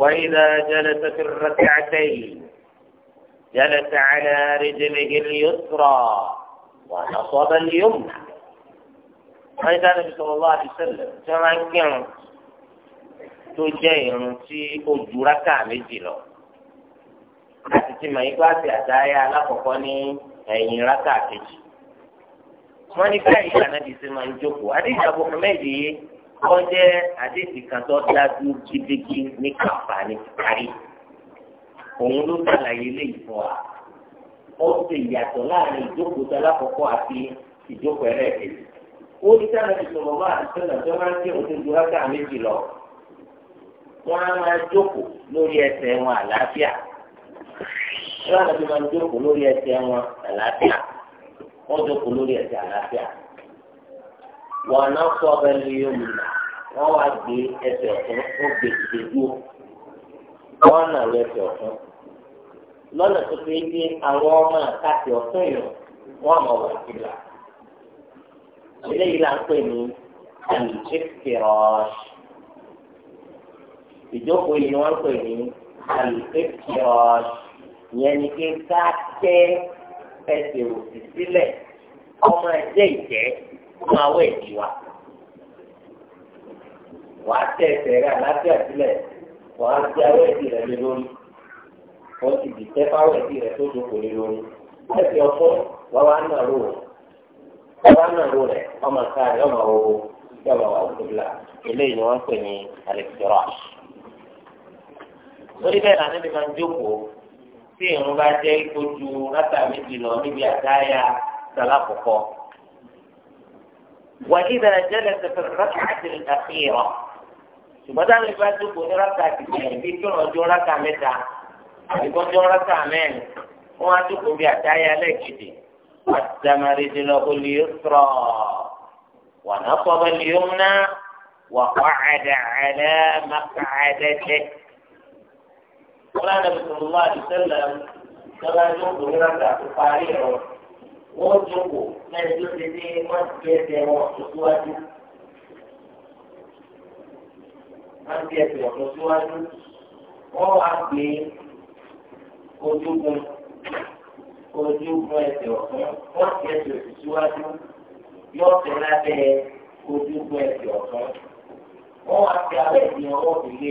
náà tí ní جلس في الركعتين جلس على رجله اليسرى ونصب اليمنى فإذا النبي صلى الله عليه وسلم كما كان tó jẹ́ irun tí ó ju rákà méjì lọ àti ti mọ̀ yípa àti àdáyà alákọ̀ọ́kọ́ ní ẹ̀yìn rákà kejì. wọ́n ní káyìí kànáàbì sí máa ń jókòó àdéhùn àbò mẹ́ẹ̀dì yìí wọ́n jẹ́ àdéhùn kan tó dájú gidigidi ní kàfà ní kárí. òun ló sàlàyé léyìí fún wa. ó ṣe ìyàtọ̀ láàrin ìjókòó tó alákọ̀ọ́kọ́ àti ìjókòó ẹlẹ́ẹ̀kejì. ó ní káyìí sọ̀rọ̀ máa ń sọ̀rọ̀ tó máa ń jẹ́ òṣèlú rákà méjì lọ wọn á máa jókòó lórí ẹsẹ̀ wọn àlàáfíà wọn àti máa jókòó lórí ẹsẹ̀ wọn àlàáfíà wọn jókòó lórí ẹsẹ̀ àlàáfíà wọn àná sọ ọbẹ̀ lórí omi wọn wá gbé dúró wọn nà lọ tó fi ìjókòó yìí ni wọ́n pè ní alifekirọ́ọ̀ṣ yẹn ni pé ká tẹ́ ẹsẹ̀ òsì sílẹ̀ ọmọ ẹ̀jẹ̀ ìjẹ́ fún awọ ẹ̀jì wa. wàá tẹ ẹsẹ̀ rẹ̀ àlàáfíà sílẹ̀ wàá tẹ awọ ẹ̀jì rẹ̀ lé lórí wọ́n ti dì tẹ́ fáwọ ẹ̀jì rẹ̀ tó dókòó lé lórí. ẹsẹ̀ ọ̀fọ́ wàá wá náà rò wọ́n wá náà rò rẹ̀ ọmọ káàdì ọmọ òwò yọ̀wọ̀ wà òkúta eléyìí ni wọ́n pè ní alifekirọ́ọ̀ṣ. torí bẹ́ẹ̀ náà níbi máa ń jókòó tí ìrún bá jẹ́ ìkojú látàmì ti lọ níbi àdáyà sàlá kọ̀kọ́. وإذا جلس في الركعة الأخيرة ṣùgbọ́n táwọn ìbá jókòó ní rákà àtìgbẹ̀yìn bíi tí wọ́n jó rákà mẹ́ta àbíkọ́ jó rákà mẹ́rin wọ́n á jókòó bíi àtáyà lẹ́ẹ̀kejì àtàmàrídìlọ́kọ lè sọ̀rọ̀ wọ́n á sọ̀rọ̀ lè yóò ná wọ́n kọ́ àdàlẹ́ mọ́kàdẹ́tẹ́. كما نبي صلى الله عليه وسلم كما جنبه هناك تقاريره وجنبه من جنبه مسجد وخصوصه مسجد وخصوصه وهو عبد ojúgun ojúgun ẹsẹ̀ ọ̀tún wọ́n ti ẹsẹ̀ òsì síwájú yóò lábẹ́ ojúgun ẹsẹ̀ ọ̀tún wọ́n wá ọwọ́ fi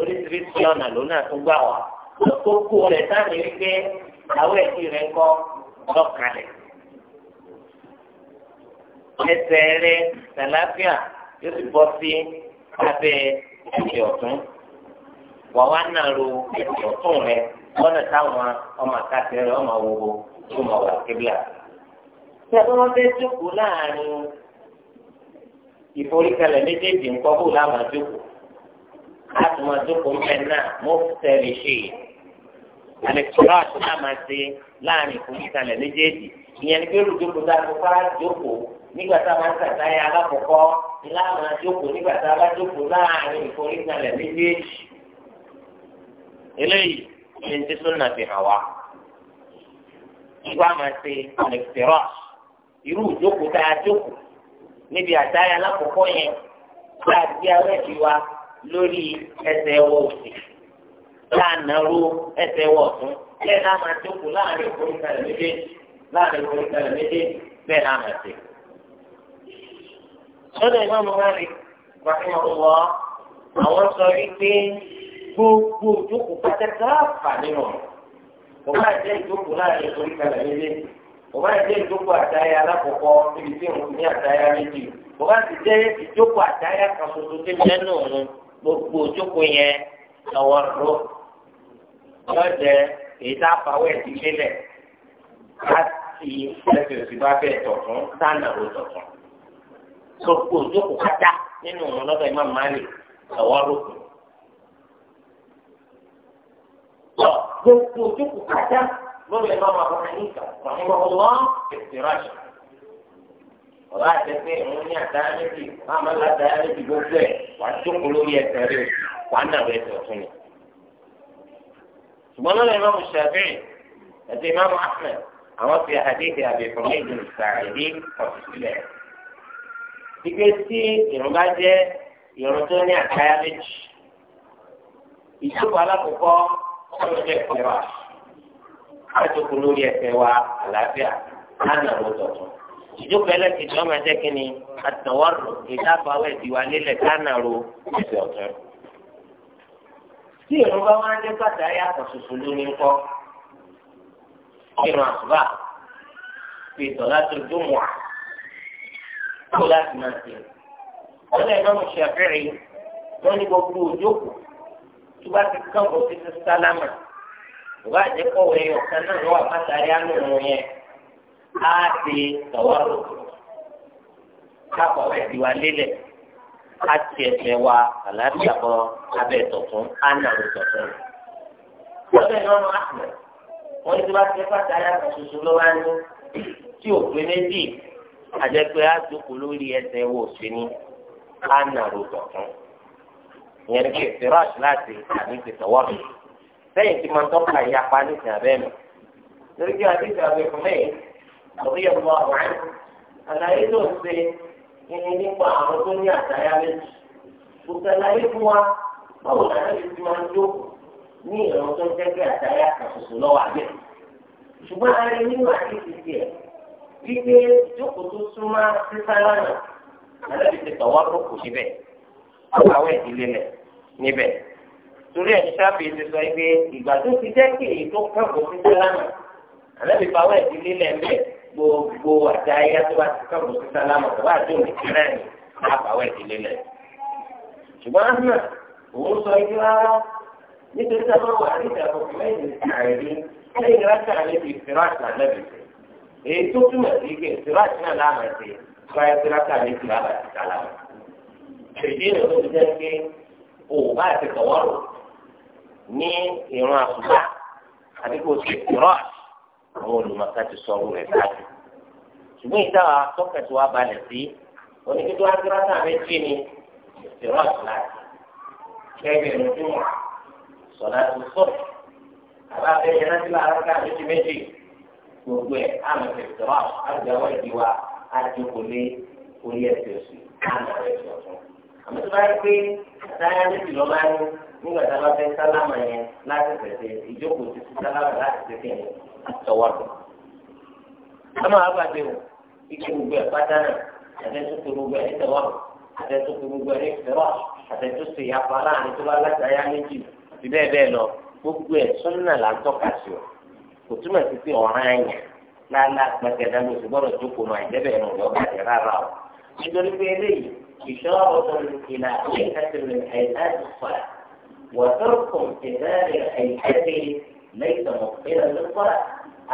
oríṣiríṣi ọ̀nà ló náà tún gbà wá tó kú rẹ̀ sáàmì wípé àwọn ẹ̀sìn rẹ̀ kọ́ lọ́kàlẹ̀. ẹsẹ̀ rẹ̀ sàlàfíà yóò ti bọ́ sí abẹ́ ẹsẹ̀ ọ̀tún wà wá náà ro ẹsẹ̀ ọ̀tún rẹ̀ lọ́nà táwọn ọmọ àkàtẹ́ rẹ̀ ọmọ àwòrò tó mọ̀ wá kébìlà. tí a fẹ́ jókòó láàrin ìforíkalẹ̀ méjèèjì ń bó láwọn àjókòó láti máa jókòó ń bẹ náà mo tẹ̀lé ṣe àlẹ́kùnrin àti náà máa ṣe láàrin ìforíkalẹ̀ méjèèjì ìyẹn ni pé olùjókòó tá a ti fara jókòó nígbà tá a máa ń sàtáyà alákọ̀ọ́kọ́ ìlànà àjókòó nígbà tá a bá jókòó láàrin ìforíkalẹ̀ méjèèjì eléyìí ní ti súnà fi hàn wá ìgbà máa ṣe àlẹ́kùnrin irú ìjókòó tá a jókòó níbi àtáyà alákọ̀ọ́kọ́ yẹn tá a gbé awẹ́ ìwà lórí ẹsẹ̀ ẹwọ́ òsì láàánú ẹsẹ̀ ẹwọ́ ọ̀tún bẹ́ẹ̀ náà máa jókòó láàrin ìforíkalẹ̀ méje láàrin ìforíkalẹ̀ méje bẹ́ẹ̀ náà máa ṣe. sọ́dọ̀ iná mi wá rí ìgbàfihàn wọ àwọn sọ wípé gbogbo ìjókòó pátákà fà nínú kò bá jẹ́ ìjókòó láàrin ìforíkalẹ̀ méje kò bá jẹ́ ìjókòó àtàyà alákọ̀ọ́kọ́ níbi tí òun ní àtàyà méjì kò bá ti jẹ́ ìjókòó àtàyà kan tuntun tí mẹ́nu òun gbogbo ojoko yẹn lọ́wọ́ ro lọdẹ èyí tá a fawọ ẹtì lélẹ̀ láti ẹsẹ̀ òsì bá bẹ́ẹ̀ tọtún sáànà ro tọtún gbogbo ojoko kátá nínú òun lọ́dọ̀ ìmọ̀ mali lọ́wọ́ ro kù lọ gbogbo ojoko kátá lórí ẹgbẹ́ ọmọ akọkọ yìí kà wọn ní wọn lọ ọba àti pé òun ní àdáyà méjì máa máa ládáyà méjì gbogbo ẹ̀ wàá jókòó lórí ẹsẹ̀ rẹ̀ wàá nàbẹ̀ ẹsẹ̀ ọ̀tún ni. ṣùgbọ́n lọ́la ìmáàmù Shafi'i àti ìmáàmù Ahmed àwọn fi àdéhìí àbẹ̀fọ́ méjì sàrẹ̀dí ọ̀tún sílẹ̀. ìgbé tí ìrun bá jẹ́ ìrun tó ní àdáyà ìjókòó alákòókò ọ̀rọ̀ jẹ́ wa. àjọkòó lórí ẹsẹ̀ ìjókòó ẹlẹ́sìn tí wọ́n máa jẹ́ kí ni àtọ̀wọ́rọ̀ ìdáfàwọ̀ ìdìwà nílẹ̀ kánàró ẹ̀sẹ̀ ọ̀tún. tí ìrún bá wá ń jẹ́ pàtàkì yàtọ̀ ṣoṣo lórí ńkọ́ ìrún àsùbà fi ìtọ́lá tó dùnmùà kó láti máa ṣe. ọ̀lẹ́ ìmọ̀mù ṣàfihàn wọn ní gbogbo òjókòó tó bá ti kán bọ̀ títí sálámà ìwádìí kọ̀wé ọ̀kan náà lọ́wọ́ pàtàkì yàtọ̀ á ti tọwọ́rọ̀ kápọ̀ ẹ̀sìn wa lélẹ̀ á ti ẹ̀sìn wa àlàáfíà kan abẹ́ tọ̀tún á nà ló tọ̀tún. lọ́dọ̀ ìlú ọmọ àpò wọn ní tí wọ́n ti fà dáyà tuntun ló wá ní tí ò pé méjì àjẹpẹ́ á dúkù lórí ẹsẹ̀ wo sí ni á nà ló tọ̀tún. ìyẹn ní kí ìfirash láti àmì ti tọwọ́rọ̀ sẹ́yìn tí mo ń tọ́ka ìyapa ní mi. lórí kí adé ti abẹ́ رضي الله عنه àlàyé ló ń ṣe ìní nípa àwọn tó ní àtàyà méjì gbogbo àlàyé fún wa báwo làwọn lè fi máa ń jó ní ìrọ̀rùn tó jẹ́ pé àtàyà kan ṣoṣo lọ́wọ́ àgbẹ̀ ṣùgbọ́n a rí nínú àdéhùn tiẹ̀ wípé jókòó tó súnmọ́ sísálánà àlẹ́ ti tọ̀wọ́ tó kù síbẹ̀ àwọn àwọn ìdílé lẹ̀ níbẹ̀ torí ẹ̀ ṣáàbì ti sọ pé ìgbà tó ti jẹ́ kéèyí tó kẹ́kọ̀ọ́ gbogbo àti ayé tó bá ti kọ́kọ́ sí sálámà wà á dùn nìkan náà ní àbáwọ̀ ìdílé lẹ̀. ṣùgbọ́n ahmed òun sọ ibi rárá nítorí sábà wà ní ìdàgbọ̀ mẹ́rin àìrí lẹ́yìn rákà níbi ìfìràṣì ànábì sí. èyí tó túmọ̀ sí ike ìfìràṣì náà láàmà sí sọ́yà ìfìràṣì ànábì lábà sí sálámà. ṣèdí ló ti jẹ́ pé òun bá ti kọ̀wọ́rò ní ìran àṣùgbà àdínkù sí àwọn olùmọ̀ọ́ká ti sọ̀rọ̀ rẹ̀ báyìí. ṣùgbọ́n ìtawà tọ́kẹ̀tì wa balẹ̀ sí oníkíkí wa ti rákà méjì ni ìrọ̀sì láti kẹ́gbẹ́ ìrùjúmọ̀ sọ̀dá tó sọ̀rọ̀ àbá bẹ́ẹ̀ yẹn láti lára rákà méjì méjì gbogbo ẹ̀ àmì ìtọ́wà àti àwọn ìdí wa àti òkòlé orí ẹ̀sẹ̀ òsì àmì ẹ̀sẹ̀ ọ̀tún. àmì tó bá yẹ pé àtàyà méjì lọ́ máa ń nígbà tá a bá fẹ́ sálámà yẹn láti tẹ̀sẹ̀ ìjókòó ti ti sálámà láti tẹ̀sẹ̀ yẹn àtọwọ́dọ̀. Àmọ́ àbàdé o, ike gbogbo ẹ̀ pátá náà, àtẹ̀tútù gbogbo ẹ̀ tẹ̀wọ́dọ̀, àtẹ̀tútù gbogbo ẹ̀ fẹ́rọ̀, àtẹ̀tútù ìyapa láàrin tó bá látàyà méjì àti bẹ́ẹ̀ bẹ́ẹ̀ lọ, gbogbo ẹ̀ sọ́nà là ń tọ́ka sí o. Kò túmọ̀ sí pé ọ̀ràn àyàn lálá gbẹ̀gẹ̀dá ló ti gbọ́dọ̀ jókòó máa ìjẹ́bẹ̀ ẹ̀rọ lọ bàjẹ́ rárá o. Nítorí pé eléyìí, ìṣọ́ ọ̀tọ̀ ìlà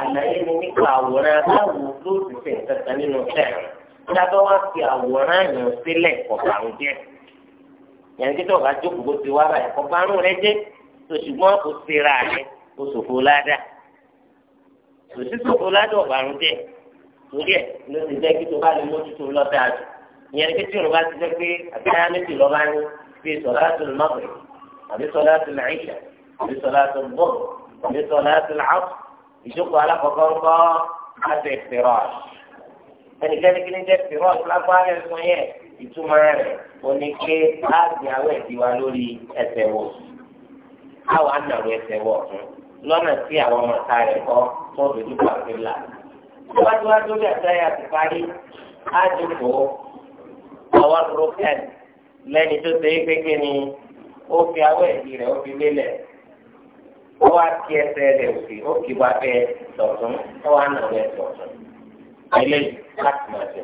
àlàyé ni nípa àwòrán aláwo ló ti ṣe kankan nínú sẹ́ẹ̀rùn dábọ́ wá fi àwòrán yàn sílẹ̀ kọ̀ọ̀kan jẹ́ yẹn kí tó bá jókòó bó ti wá báyìí kọ̀ọ̀kan rẹ̀ jẹ́ sòṣùgbọ́n kò sera rẹ̀ kò sòfò ládàá sòṣì sòfò ládàá ọ̀bàrún jẹ́ torí ẹ̀ ló ti jẹ́ kí tó bá lè mójútó lọ́dà jù ìyẹn kí tí òun bá ti jẹ́ pé àbíyá méjì lọ́ba ní bí sọ̀lá tó lọ́bẹ̀rẹ̀ àbí sọ̀lá tó làyíṣà àbí sọ̀lá tó bọ̀ àbí sọ̀lá tó làásù ìjókòó alákọ̀ọ́kọ́ ń kọ́ àti fìrọ́ọ̀ṣ ẹnikẹ́ni kí ni jẹ́ fìrọ́ọ̀ṣ lágbára ẹ̀sùn yẹn ìtumọ̀ rẹ̀ òní pé á gbé àwọn ẹ̀dí wa lórí ẹsẹ̀ wọ̀ àwọn ànàrò ẹsẹ̀ wọ̀ fún lọ́nà tí àwọn ọmọ ta rẹ̀ kọ́ tó dojú pa fìlà wájúwájú bí àtẹ́yà ti parí á jókòó rọ́kẹ́t lẹ́ni tó ṣe é pé kí ni ó fi awọ ẹ̀dí rẹ̀ ó fi lélẹ̀ ọwọ́ àti ẹsẹ̀ rẹ̀ òkè ó kì wá bẹ́ẹ̀ lọ́tún ọwọ́ àná rẹ̀ lọ́tún. Ilé láti máa jẹ.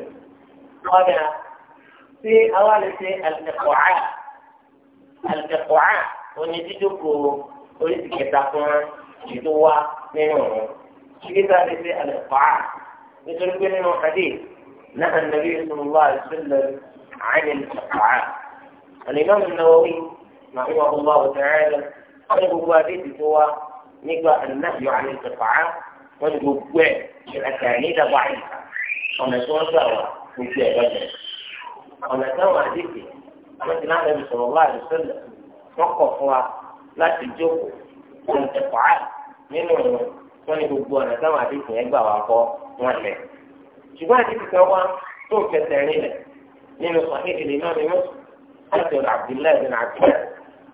Ọ̀dà tí àwa lè ṣe àlùkọ̀á àlùkọ̀á oní dídókòó oríṣi kẹta fún ìlú wa nínú òun. Ṣíkítà lè ṣe àlùkọ̀á nítorí pé nínú àdé náà nàbí ìṣòwò àìsílẹ̀ عن القطاع الإمام النووي رحمه الله تعالى wọ́n ní gbogbo àdéhùn tó wá nígbà ànáyọ̀ àlẹ́ ìtẹ̀fàá wọ́n ní gbogbo ẹ̀ ìrẹsẹ̀ ní ìdàgbà yìí ọ̀nà tí wọ́n gbà wá gbogbo ẹ̀ lọ́jọ́ ọ̀nà táwọn àdéhùn àwọn ti náà lẹ́nu sọ̀rọ̀ wá àdìsẹ́lẹ̀ wọ́n kọ̀ fún wa láti jókòó ohun ìtẹ̀fàá nínú wọn ní gbogbo ọ̀nà táwọn àdéhùn yẹn gbà wá kọ́ wọn lẹ̀ ṣùgbọ́n àdéhùn kan wá tó kẹsẹ̀ rin lẹ̀ nínú sọ̀hìn ìlú náà ni wọ́n láti ọ̀dọ̀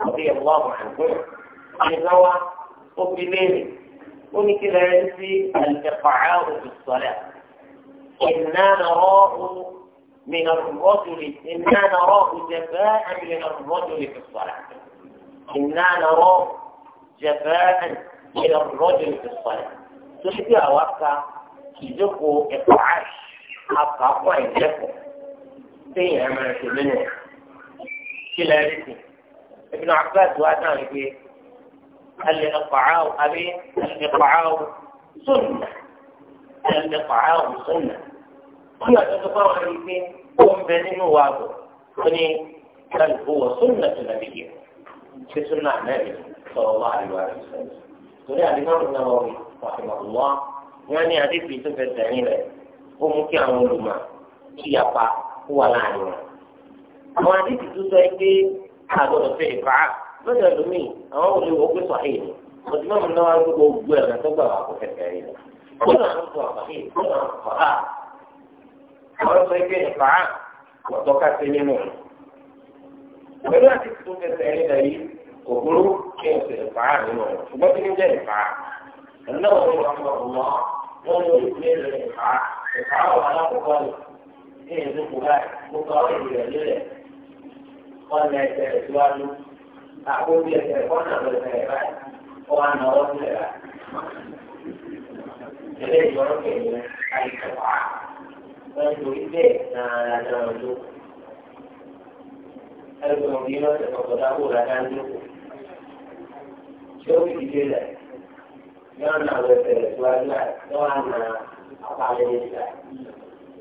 Abdullahi bin àìsàn wa ó fi léèrè ó ní kí lẹ́yìn sí àlùfẹ́fàá òfin sọ́lẹ̀ ìnáná rọ́ọ̀hún من الرجل إنا نراه جفاء من الرجل في الصلاة إنا نراه جفاء من الرجل في الصلاة تشبه وقت ìjókòó ẹ̀kọ́ àṣì àkàkọ́ ìjẹ́kọ̀ọ́ téèyàn máa ṣe lónìí. kí lè rí sí i ẹbí náà àgbàdo wa dáhùn pé الإقعاء أبي الإقعاء سنة الإقعاء سنة كنا تتطور الدين قم بدين واضح فني بل هو سنة نبيه في سنة النبي صلى الله عليه وسلم ترى الإمام النووي رحمه الله يعني حديث في سنة الدليل وممكن أن نقول ما يقع ولا يقع àwọn àdìsí tó sọ pé àgọ́dọ̀ fẹ́ ìfàá lọ́dọ̀ ẹ̀dùnmí àwọn olè wọ́n pé sọ̀hìn ọ̀dùnmọ́ mi náà wá gbogbo gbogbo ẹ̀rọ tó gbà wà kó kẹ̀kẹ́ yìí kódà ń sọ sọ̀hìn kódà ń sọ̀ á wọ́n sọ pé ìfà ọ̀tọ́ ká sí nínú pẹ̀lú àti tuntun kẹsẹ̀ ẹ̀rí rẹ̀ yìí kò burú kí n sì ìfà á nínú ṣùgbọ́n kí ni jẹ́ ìfà á ẹ̀nà òun wà fún ọ̀rọ̀ wọn wọ́n ní ìgbésẹ̀ ìfà á ìfà á wà lákòókò ní ìlú kùbáì gbogbo àwọn ìgbésẹ̀ lílẹ̀ wọ́n ní ẹsẹ̀ ìtúwájú àkóbí ẹsẹ̀ kọ́nà lọ sẹ̀ báyìí kọ́ wa nà ọ́ sílẹ̀ báyìí. ìjọba kẹ̀yìn àìsàn Wọ́n ń torí bẹ́ẹ̀ náà ládàá ọdún. Ẹgbẹ́ òbí náà ṣe kọ̀kọ̀ dáwó ládàá ọdún. Ṣé ó fi dé lẹ̀? Yọ́n nà lọ sẹ̀rẹ̀ síwájú láì. Yọ́n á nà apá lẹ́yìn láì.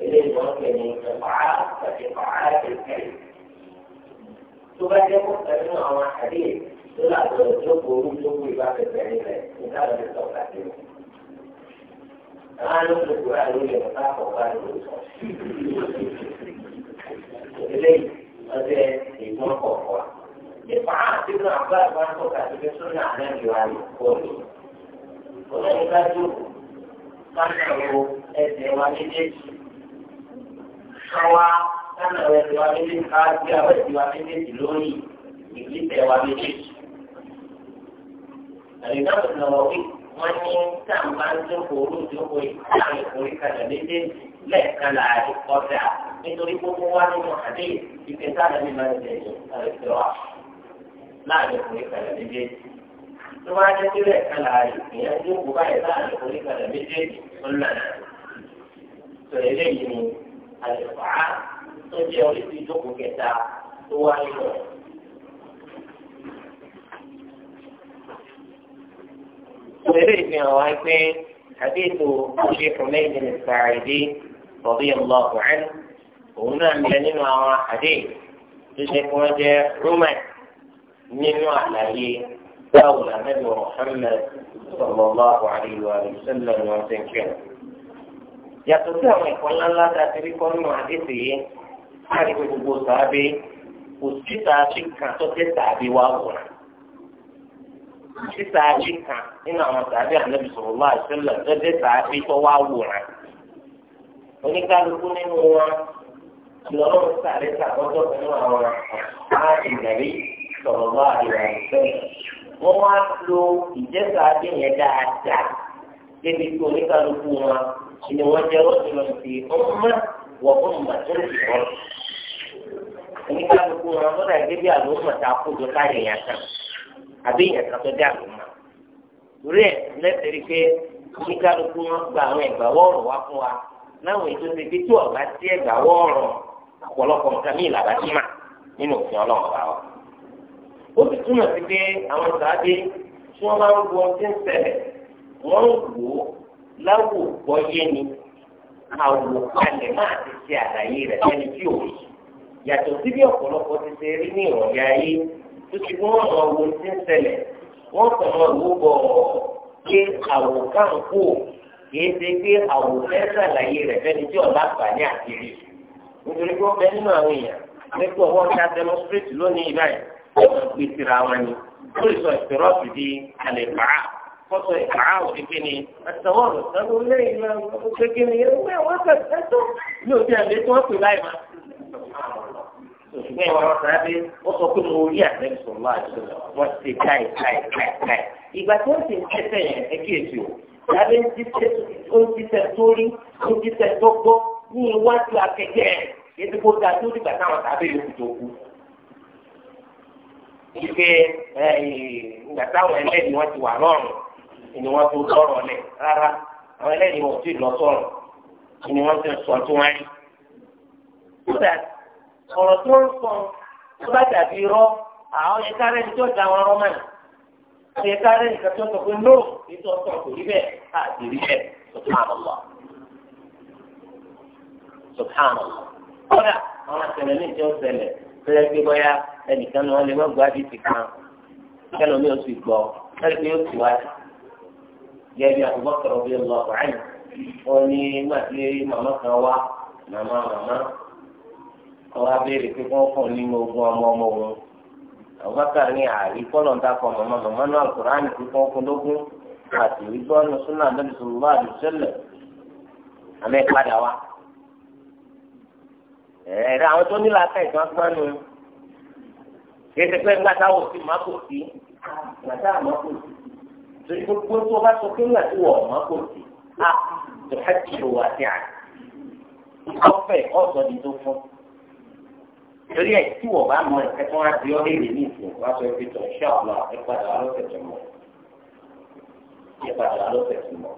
Ẹlẹ́ ìjọba kẹ̀yìn ẹ̀fà àti ẹ̀fà á ti tó bá jẹ́ kókò nínú àwọn àdéhè tó láàbọ̀ ìjókòó orí tó kú ìbá pẹ̀pẹ́ nílẹ̀ nígbà tó ti sọ̀rọ̀ àti mi. Àwọn alóòtú kúrò àlóyè ọ̀tá àkọ́kọ́ àlóyè sọ. Ilé ọjọ́ ìgbọ́n kọ̀ọ̀kọ̀ nípa àtìkú àbá ìbáṣọ àti fẹsọ̀ ní àná ìwà ìkọ́ mi. Olóyìn bá jókòó ká náà wo ẹsẹ̀ wa méjèèjì. Sọ wa kánà rẹ̀ ti wá méjèèjì ká bí àwẹ̀ ti wá méjèèjì lórí ìdílé wa méjèèjì. àlùdáwò náà wọ́n wí wọ́n ní sàǹbá ń dókòó olóòjókòó ìtàn ìforí kalẹ̀ méjèèjì lẹ́ẹ̀kan láàrin kọjá nítorí gbogbo wa nínú àdé ìfẹ́ sáré mi máa ń jẹ ìfẹ́ wa láàrin ìforí kalẹ̀ méjèèjì tó bá jẹ́ pé lẹ́ẹ̀kan láàrin ìyẹn yóò báyìí láàrin ìforí kalẹ̀ méjèèjì tó jẹ́ oríṣi ìjókòó kẹta tó wá nínú ẹ̀. Ìbéèrè ìfihàn wa pé àdéhùn ṣe Hùmẹ́yìn ní Sàrìdí rọ̀bí ọlọ́ọ̀bù ẹ̀. Òun náà ń bẹ nínú àwọn àdéhùn tó ṣe kí wọ́n jẹ́ Rúmẹ̀ nínú àlàyé báwo làmẹ́lì Mùhàmmad sọ̀rọ̀lọ́ọ̀bù àríwá ìṣẹ̀lẹ̀ ni wọ́n ti ń kírun. Yàtọ̀ sí àwọn ìkọ́ńlá ńlá tá a ti rí kọ́ nínú àdéhùn yìí láti pé gbogbo sàábé kò sí sàábé kan tó jẹ́ sàábé wá wọ̀rọ̀ kò sí sàábé kan nínú àwọn sàábé ànábì sọ̀rọ̀ wá àṣẹlẹ̀ tó jẹ́ sàábé tó wá wọ̀rọ̀ oníkálukú nínú wọn lọ́wọ́ sàárẹ̀ sàkọ́jọ́ pẹ̀lú àwọn àti ìdàrí sọ̀rọ̀ wá àìrà ìfẹ́ wọ́n wá lo ìjẹ́sàájú yẹn dáadáa débi tí oníkálukú wọn ni wọ́n jẹ́ wọ́n ti lọ sí وأمة الرسول oníkàlùkù ọ̀rọ̀ lọ́dà gẹ́gẹ́ bí n'a mọ̀tà kójọ káyọ̀ yẹn kan àbí yẹn kan tó dé torí ẹ̀ pé oníkàlùkù wọn gba àwọn wá fún wa láwọn ètò ti fi ọ̀gá sí ọ̀pọ̀lọpọ̀ nǹkan mí mà nínú òfin wa. ó túmọ̀ sí pé àwọn tí wọ́n ń gbọ́ ń wọ́n ń wò láwò ni àwòkálẹ̀ máa ti ṣe àlàyé rẹ̀ sẹ́ni tí ò yìí yàtọ̀ sí bí ọ̀pọ̀lọpọ̀ ti ṣe rí ní ìrọ̀lẹ́ ayé tó ti wọ́n lọ wo ti ń ṣẹlẹ̀ wọ́n kàn lọ wó bọ̀ pé àwòkáǹkó kìí ṣe pé àwòkẹ́ ṣàlàyé rẹ̀ sẹ́ni tí ọ̀la àǹfààní àti rí nítorí pé wọ́n bẹ nínú àwọn èèyàn lẹ́kọ̀ọ́ wọ́n ṣá demonstrate lónìí báyìí wọ́n gbé síra wọn ni ó lè sọ ìṣòro ọ̀sìn di àlè pàrà kọ́tù ìkàá òdì kí ni àtàwọn ọ̀sán lé ìlà òkè kí ni ẹgbẹ́ wọn kà sẹ́tọ̀ ní òbí àlẹ́ tí wọ́n pè láì má. ṣùgbọ́n ìwà wọn sáré ó sọ pé mo rí àtẹ́lẹ̀ sọ̀rọ̀ máa ṣe wọ́n ṣe káì káì káì káì. ìgbà tí wọ́n ti ń tẹ́tẹ̀ yẹn ẹ kí èsì o lábẹ́ ń títẹ̀ sórí ń títẹ̀ dọ́gbọ́ ní iwájú akẹ́kẹ́ ẹ̀ yẹ́tí kó dáa tó dìgbà táwọn sábẹ́ yòókù tó kú ìgbẹ́ ìgbà táwọn ẹlẹ́ni wọ́n ti wà lọ́rùn ni wọ́n tó sọ̀rọ̀ lẹ̀ rárá àwọn ẹlẹ́rìí wọn ò lọ sọ̀rọ̀ ni wọ́n ti sọ tó wáyé. kódà ọ̀rọ̀ tó ń sọ tó bá dàbí rọ àwọn yẹn kárẹ́ ní tó da wọn rọ mọ́nà àwọn yẹn kárẹ́ ní kàtó sọ pé nóò ní tó sọ kò rí bẹ́ẹ̀ àti rí bẹ́ẹ̀ subhanallah subhanallah kódà àwọn àtẹnẹ́ ní ìjọ ṣẹlẹ̀ fẹ́ẹ́ gbé bọ́yá ẹnìkan ni wọ́n lè má gbọ́ àdìsí kan kẹ́lọ́ mi ò sì gbọ́ kẹ́lọ́ mi ò sì wáyé gẹ́gẹ́ bí Abubakar radiyallahu anhu wọn ní nígbà tí màmá kan wá màmá màmá ọwọ́ abéèrè pé wọ́n fún un ní ogún ọmọ ọmọ òun Abubakar ní ààrí kọ́lọ̀ ń dákọ̀ màmá màmá náà Al-Qur'ani pé wọ́n fún lógún àti ìgbọ́nù súnà Nabi sallallahu alaihi wasallam àmì ìpadà wa ẹ̀rẹ́ àwọn tó ní làákà ìgbàgbọ́nù kéde pé ńgbà táwọn òsì má kò sí gbàtà má sí torí gbogbo tó bá sọ pé wíwàtí wọ̀ ọ̀mọ́ kò sí a tó hàjì ló wà sí àná ọ̀fẹ́ ọ̀sọ̀ ni tó fún torí ẹ̀ tí wọ́n bá mọ ẹ̀kẹ́ tó wá di ọ́ léèrè ní ìsìn wá sọ pé tó ṣé ọ̀la ẹ padà wá lọ́sẹ̀ tó mọ̀ ẹ padà wá lọ́sẹ̀ tó mọ̀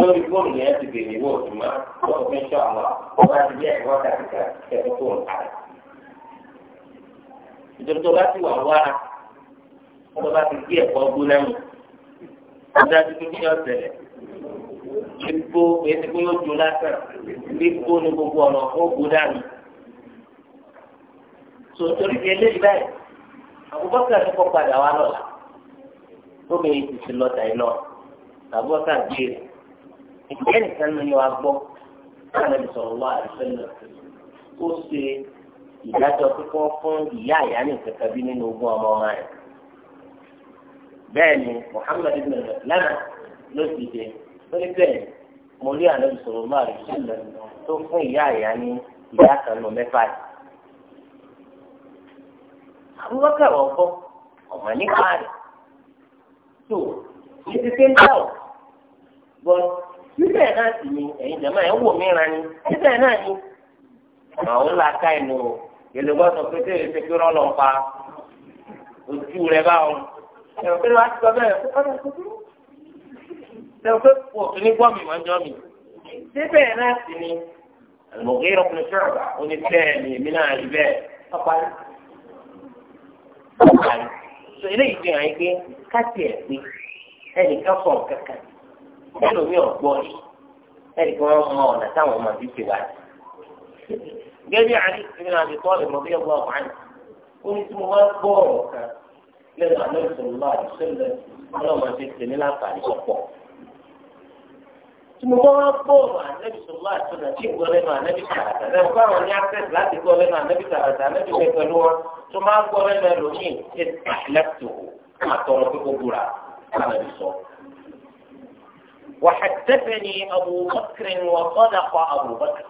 lórí fóònù yẹn ti bèrè wọ́n ti má wọ́n fi ṣọ́ àwọn ọba ti bí ẹ̀kọ́ wákàtí kan ẹ̀kọ́ tó ń kárẹ̀. ìjọba tó bá ti wà wára tó bá ti gbé ẹ̀kọ́ gbóná yìí ọjà tuntun ní ọ̀sẹ̀lẹ̀ gbígbó èsì pé yóò dùn lásán gbígbó ní gbogbo ọ̀nà fún ògùn dànù. sọ torí ti eléyìí báyìí àbúbọ́sà ní kọ́ padà wá lọ́la lómi ti ti lọ́ta yìí lọ àbúbọ́sà béèrè ìgbẹ́ nìkan ní wa gbọ́ káàmì sọ̀rọ̀ wá àdìsẹ́lẹ̀ ó ṣe ìdájọ́ kíkọ́ fún ìyá ìyá nìkan tàbí nínú ogún ọmọ ọmọ rẹ̀. bẹ́ẹ̀ ni muhammed ibn lana ló dìde ó ní bẹ́ẹ̀ mo tó fún ìyá ìyá ní ìyá kan nù mẹ́fà yìí. abubakar ọkọ ọmọ tó ní ti ṣe ń dà ó bọ́ síbẹ̀ náà sì ni ẹ̀yin jẹ̀mọ́ ẹ̀ ń wò mí ni ẹ̀rọ pé wàá ti sọ bẹ́ẹ̀ ẹ̀rọ pé kò ní gbọ́ mi wọ́n jọ mi. síbẹ̀ náà sì ni àlùmọ̀gé ọkùnrin sọ̀rọ̀ oní bẹ́ẹ̀ ni èmi náà rí bẹ́ẹ̀ ọ̀parí. ọ̀parí sọ eléyìí fi hàn yín pé ni ẹnìkan wọn mọ ọ̀nà táwọn ọmọ bíi ti wá sí. gẹ́gẹ́ bí àdìsí mi náà ti tọ́ ọ̀rẹ́ mọ́ bí ọgbọ́n ọ̀hún àná lẹ́nu àlọ́sọ̀rọ̀ àdìsẹ́lẹ̀ ọlọ́mọ ti tẹ̀ ní látàrí ọ̀pọ̀. tí mo bá wá gbọ́ ọ̀rọ̀ ànábì sọ̀rọ̀ àtúnà tí gbọ́ lẹ́nu ànábì tààtà lẹ́nu kó àwọn ní access láti gbọ́ lẹ́nu ànábì tààtà ànábì tẹ̀ pẹ̀lú wọn tó máa gbọ́ lẹ́nu ẹlòmíì ṣe tàlẹ́tò àtọ̀rọ̀ pé kó búra ànábì sọ. وحدثني أبو بكر وصدق أبو بكر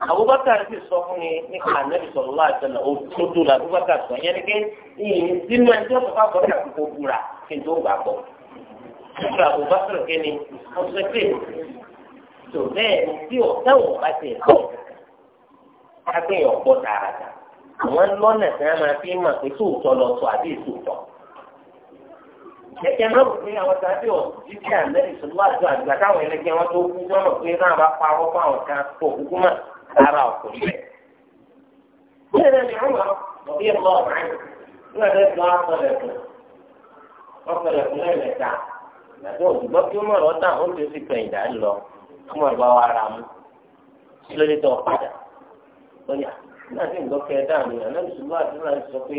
Abubakar ti sọ fún mi nípa anabi sọlọ lọ àti ọlọ òdodo la Abubakar sọ yẹn ni pé ìyìn sínú ẹjọ́ tó bá bọlá kókó búra kí n tó gbà bọ nípa Abubakar kẹni ọsẹpẹ tó bẹ́ẹ̀ tí o táwọn bá ti kọ kápẹyìn ọ̀pọ̀ tààràtà àwọn lọ́nà tí wọn máa fi mọ̀ pé sóòótọ́ lọ sọ àbí sóòótọ́ ẹ̀kẹ́ náà rò pé àwọn tàbí ọ̀sí tí àmẹ́rìsì lọ́wọ́ àti àgbà táwọn ẹlẹgbẹ́ wọn tó kú sọ́nà pé náà bá parọ́ fún àwọn kan òkúkú mọ́ ara ọkùnrin rẹ̀. Bẹ́ẹ̀ ni àwọn ọ̀bí ẹ̀kọ́ ọ̀hán nígbà tó ń lọ ọ̀sọ̀lẹ̀kùn ọ̀sọ̀lẹ̀kùn lẹ́ẹ̀mẹ́ta ìgbàdo òdùgbọ́ kí ó mọ̀ lọ́tà ó ti fi gbẹ̀yìn dá lọ kí wọ́n bá wa ra mú kí ló dé tó padà. Bóyá nígbà tí nǹkan kẹ dáàmú yẹn náà ṣùgbọ́n àti náà sọ pé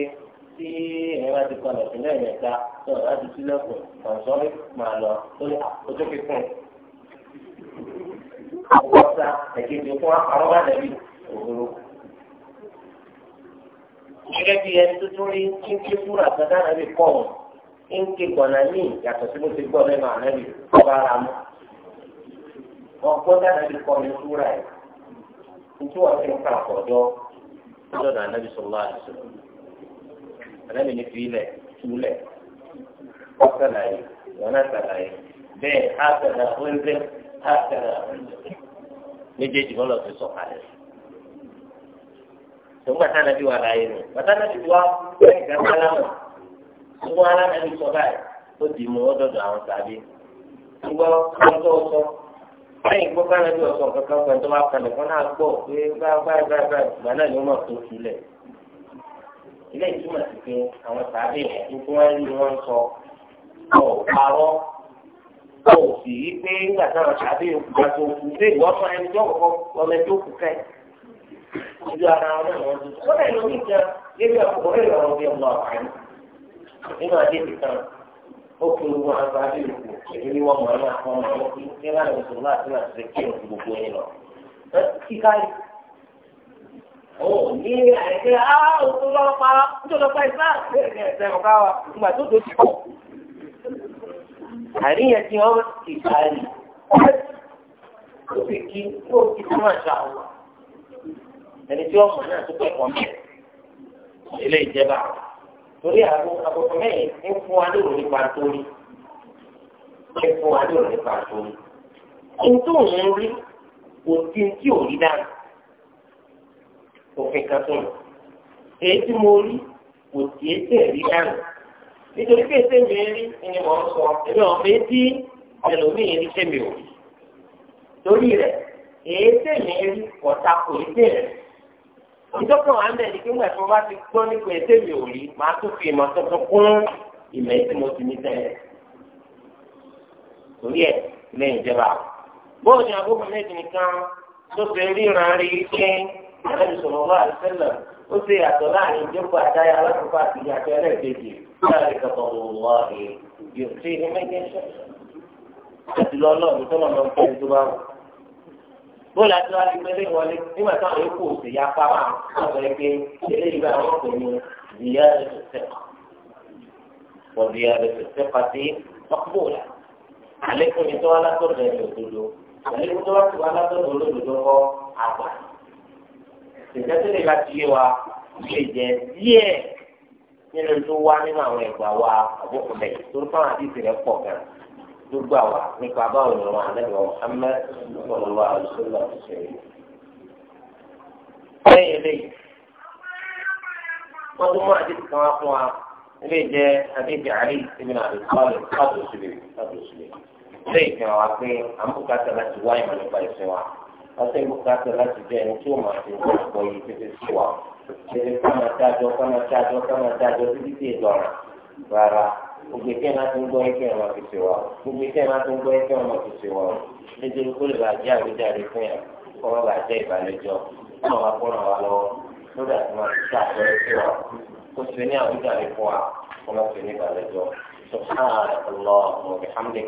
tí èèyàn bá ti kọlẹ̀kùn lẹ́ẹ̀mẹ́ta tó ọ̀rá ti sílẹ̀kùn kàn sọ́rí àkọ́sá ẹ̀kejì fún àpamọ́ àdàbí òwúrò. gẹ́gẹ́ bí ẹni tó tún rí kí n ké fúra sọ́dá àdàbí pọ̀ wọ́n kí n ké gbọ̀nà ní yàtọ̀ sí bó ti gbọ́ lẹ́nu àdàbí ọba ara mọ́. wọ́n gbọ́ àdàbí ní fúra ẹ̀ nítorí wọ́n ti ń ka àkọ́jọ́ lọ́dọ̀ àdàbí sọ̀rọ̀ àdìsọ àdàbí ní fílẹ̀ túlẹ̀ ọ̀sẹ̀ láyé wọn náà sàlàyé bẹ́ẹ̀ á هكذا méjèèjì lọ́lọ́ ti sọ kalẹ̀ tòun àti anabi wà láàyè rẹ̀ bàtà anabi wà bẹ́ẹ̀ gàdá alámà gbogbo alámàbí sọ ó dì mú ọdọọdọ àwọn tàbí gbogbo ọjọ́ sọ lẹ́yìn gbogbo anabi ọ̀sán kankan kan tó máa kalẹ̀ kan náà gbọ́ pé báyìí báyìí báyìí ìgbà náà ni wọ́n máa tó sílẹ̀ ilé ìtumọ̀ sí pé àwọn tàbí wọn ò i yí pé nígbà táwọn ṣàbí ìgbà tó kù dé ìwọ́n fún ẹni tó kọ́ ọmọ ẹni tó kù fẹ́. ojú ara wọn náà wọn tuntun kọ́dà ìlú mi kan yébi ọkùnrin rẹ̀ bí ọmọ nínú adé mi kan ó èmi ni kí ní láti ṣe kí gbogbo lọ. kíkáyì ní àríyàn tí wọ́n ti gbà rí ó sì kí ó ti tún àṣà wọn ẹni tí wọ́n mọ̀ náà tó kẹ́kọ̀ọ́ mẹ́rin ilé ìjẹba torí àgbo àkókò mẹ́rin ń fún wa lóru nípa torí ń fún wa lóru nípa torí ntó ń rí òtí tí ò rí dáná òfin kan tó lọ èyí tí mo rí òtí tí ò rí dáná nítorí pé ṣé mi rí ni mò ń sọ èmi ò fi tí ẹlòmíì rí ṣé mi ò rí torí rẹ̀ èyí ṣé mi rí ọ̀tá kò rí dé rẹ̀ ìjọba wa ń bẹ̀ ní kí wọ́n ẹ̀fọ́ bá ti gbọ́ nípa ẹ̀ṣẹ̀ mi ò rí màá tún fi ìmọ̀ tuntun kún ìmọ̀ tí mo ti ní tẹ́lẹ̀ torí ẹ̀ lẹ́yìn ìjọba bóun ni àbúkù méjì nìkan tó fi ríran rí pé ẹ̀rọ ìṣòro wà sẹ́lẹ̀ ó ṣe yàtọ̀ láàrin ìjókòó àdáyà alákòókò àti ẹlẹ́ẹ̀kejì ذلك فضل الله يؤتيه من يشاء àti lọ náà ní tọ́lọ̀ náà ń pẹ́ tó bá wù. bóòlù àti wàá gbé lé wọlé nígbà táwọn yòókù sì ya pàmò àwọn ẹgbẹ́ ilé ìgbà wọn pè ní ìyá rẹ̀ tó tẹ̀kọ̀. wọ́n ìyá rẹ̀ tó tẹ̀kọ̀ sí ọ̀pọ̀lá. àlékún ni tó wá látọ̀dọ̀ ẹ̀ lòdòdó àlékún tó wá tó wá nínú tó wá nínú àwọn ẹ̀gbà wa àbúkù bẹ̀rẹ̀ torí fáwọn àti ìsìnkú pọ̀ gan gbogbo àwa nípa báwo ni wọn àlẹ́ wọn amẹ́ ìfọ̀lọ́wọ́ àlùsọ́lọ́ ṣẹlẹ̀. lẹ́yìn eléyìí wọ́n tún mú àti kan wá fún wa ilé jẹ́ àdéhùn àrí ìsinmi àti kọ́ọ̀lù kọ́ọ̀lù sílẹ̀ kọ́ọ̀lù sílẹ̀ lẹ́yìn kan wá pé àmúkàtà láti wá ìmọ̀ nípa ìsìn wa ọ̀sẹ̀ ìbùkátà láti jẹ́ ẹni tí ó máa ṣe nǹkan ọ̀pọ̀ yìí tètè sí wa tètè kọ́nà dájọ́ kọ́nà dájọ́ kọ́nà dájọ́ títí tí èdè ọ̀ràn rárá gbogbo ìkẹ́ máa ti ń gbọ́ ẹ̀kẹ́ ọmọ ti ṣe wa gbogbo ìkẹ́ máa ti ń gbọ́ ẹ̀kẹ́ ọmọ ti ṣe wa nítorí kó lè bàa jẹ́ àwíjàre fún yà kó wọ́n bàa jẹ́ ìbàlẹ́jọ́ kó wọ́n kó ràn wá lọ́wọ́ lórí àti máa ti ṣàpẹẹrẹ sí wa kó ṣe ní àwíjàre fún wa kó wọ́n ṣe ní ìbàlẹ́jọ́ subhanallah wa bihamdik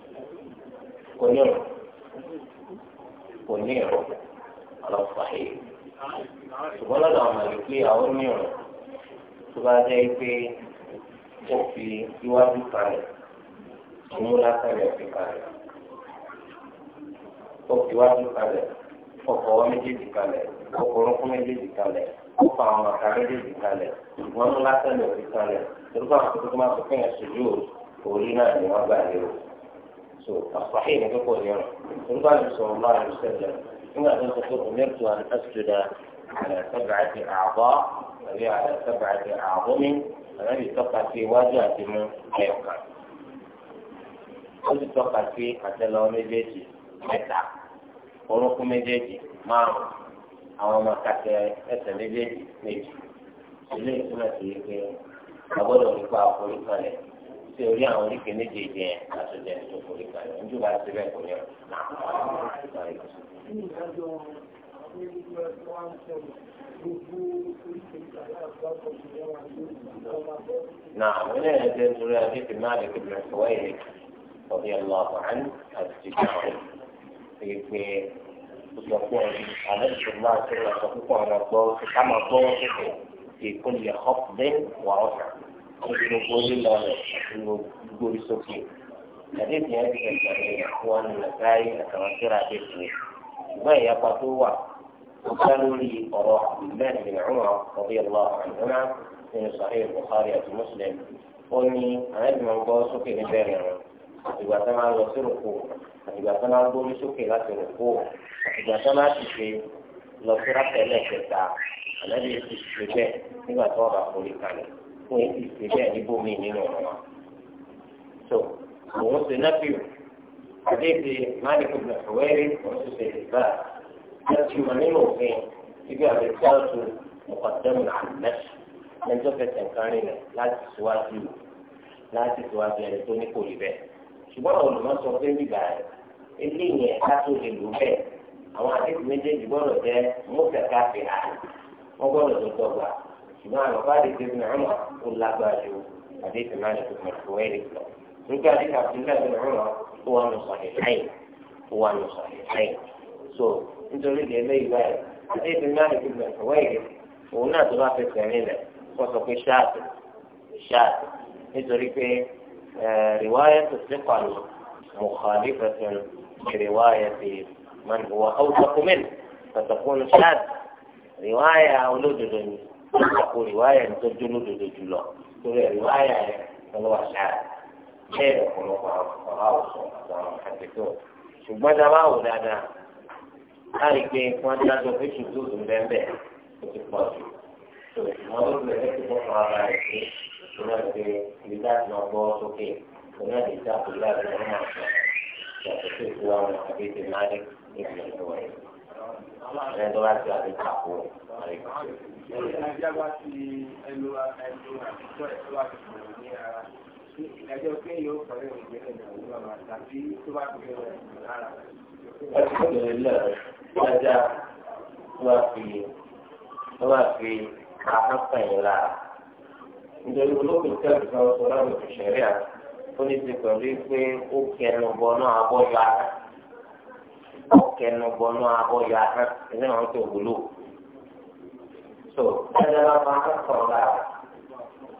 kò ní ìrọ̀ kò ní ìrọ̀ ọlọ́pàá yìí ṣùgbọ́n lọ́dọ̀ àwọn àlùkí àwọn ní ìrọ̀ tó bá jẹ́ pé ó fi iwájú kalẹ̀ ìmúlá kalẹ̀ fi kalẹ̀ ó fi iwájú kalẹ̀ ọkọ̀ méjèèjì kalẹ̀ ọkọ̀ orúkún méjèèjì kalẹ̀ ọkọ̀ àwọn àká méjèèjì kalẹ̀ ìwọ́n ńlá fi kalẹ̀ torí àwọn tó tó máa fi kẹ́yìn ṣojú òrí náà ni wọ́n gbà lérò so àfàhìn ní kíkọ yẹn nígbà tó sọ ọmọ rẹ sẹlẹ nígbà tó sọ pé omirtu an asjuda ala sab'ati a'dha àbí ala sab'ati a'dhumi àbí tọ́ka sí iwájú àti mú ẹ̀ka ó sì tọ́ka sí àtẹ́lẹwọ́ méjèèjì mẹ́ta orúnkún méjèèjì márùn àwọn ọmọ kàtẹ ẹsẹ̀ méjèèjì méjì ilé ìtura sì yí pé àgbọ́dọ̀ nípa àforíkalẹ̀ ṣe orí àwọn oríkèé méjèèjì yẹn láti jẹ ní ìjókòó lè kàn yín níjọba ti bẹ́ẹ̀ kò ní ọ̀rọ̀ náà. نعم من الأدلة الرئيسية في مالك بن سويد رضي الله عنه التجاري في ìgbàgbọ́ àlẹ́sọ̀lá àti ìrìnàjò púpọ̀ àwọn ọ̀gbọ́n ká máa gbọ́ wọn kékeré ìkọlẹ̀ ọ̀pẹ́ wà ọ̀sán gbogbo lílọ rẹ̀ gbogbo ìsókè àdéhùn yẹn ti ẹ̀sẹ̀ rẹ̀ wọn ní nàgáyé àtàwọn kíra àdéhùn yẹn ṣùgbọ́n ìyapa tó wà ó bá lórí ọ̀rọ̀ abdullahi bin umar rabi allah anhuma nínú sahih bukhari àti muslim ó ní àyẹ̀dùnmọ̀ gbọ́ sókè níbẹ̀ rẹ̀ wọn àtìgbà tó máa lọ sí rògbò àtìgbà tó máa gbórí sókè láti rògbò àtìgbà tó máa ti ṣe lọ sí rákẹ́lẹ̀ kẹta àlẹ́ bí ti ṣe bẹ́ẹ̀ nígbà tó wà bá forí kalẹ̀ fún etí ṣe bẹ́ẹ̀ níbo mi nínú ọ̀rọ̀ so òun ṣe nọ́fìlù àdéhìí máàlìkù gbàgbọ́wẹ́rẹ́ òun ṣe ìgbà láti mọ nínú òfin ibi àbẹ̀tẹ́ọ̀tù mọ̀kàndẹ́mù àmẹ́sì lẹ́jọ́ fẹsẹ̀ nǹkan rìn rẹ̀ láti síwájú láti síwájú ẹni tó ní kò rí bẹ́ẹ̀ ṣùgbọ́n àwọn olùmọ̀ sọ pé bíbá rẹ̀ eléyìí ẹ̀ka tó lè lò bẹ́ẹ̀ àwọn àdéhìí méjèèjì gbọ́dọ̀ jẹ́ mọ́kẹ́kẹ́ àfihàn wọ́n gbọ́dọ̀ tó dọ́gba إمام خالد بن عمر ولا باجو حديث مالك بن الحويرث من لك عبد الله بن عمر هو من صحيحين هو من صحيحين سو انت رجع لي بعد حديث مالك بن الحويرث وناس رافض تعليمه وصف الشاطر الشاطر انت رجع رواية الثقة مخالفة لرواية من هو أوثق منه فتكون شاذ رواية أو لجنة àpò ìwáyà ní tó dúró dodo jùlọ torí ìwáyà yẹn lọ́wọ́ àṣà bẹ́ẹ̀ ọ̀pọ̀lọpọ̀ àwọn àwòsàn àtàwọn àtẹ̀tọ̀ ṣùgbọ́n tá a máa wò dáadáa láì gbé wọn dájọ́ pé ṣùgbọ́n òun bẹ́ẹ̀ bẹ́ẹ̀ ó ti pọ̀ jù ṣùgbọ́n ó bẹ̀rẹ̀ tó fọ́ ara rẹ̀ pé ìṣúná ṣe ibi láti máa gbọ́ sókè ìṣúná lè dá àpò láti máa sọ̀rọ̀ ìṣàkóso ìṣúná àwọn àgbẹ̀ ẹni tó bá ti àti kàkó rẹ. ẹjọ́ bá ti ẹnu ẹnu àtijọ́ ẹ̀ tó bá ti sọ̀rọ̀ ní ara ìdájọ́ pé yóò kọ́lé ìgbé ẹ̀dá ìlú ọ̀la tàbí tó bá ti gbé rẹ̀ lára. ẹ̀sìn ìlú ilé rẹ̀ ṣáájá tó bá fi tó bá fi àhápà yìí lára. nítorí olóògùn tẹ́lẹ̀ kan sọ láwọn òṣèré à ó ní ti pẹ̀lú pé ó kẹnu bọ náà abọ́ yọ ara kẹnu bọnú abọ yọ ahọ́n ẹni náà tó wúlò. so ẹni náà máa ń sọ̀rọ̀ lára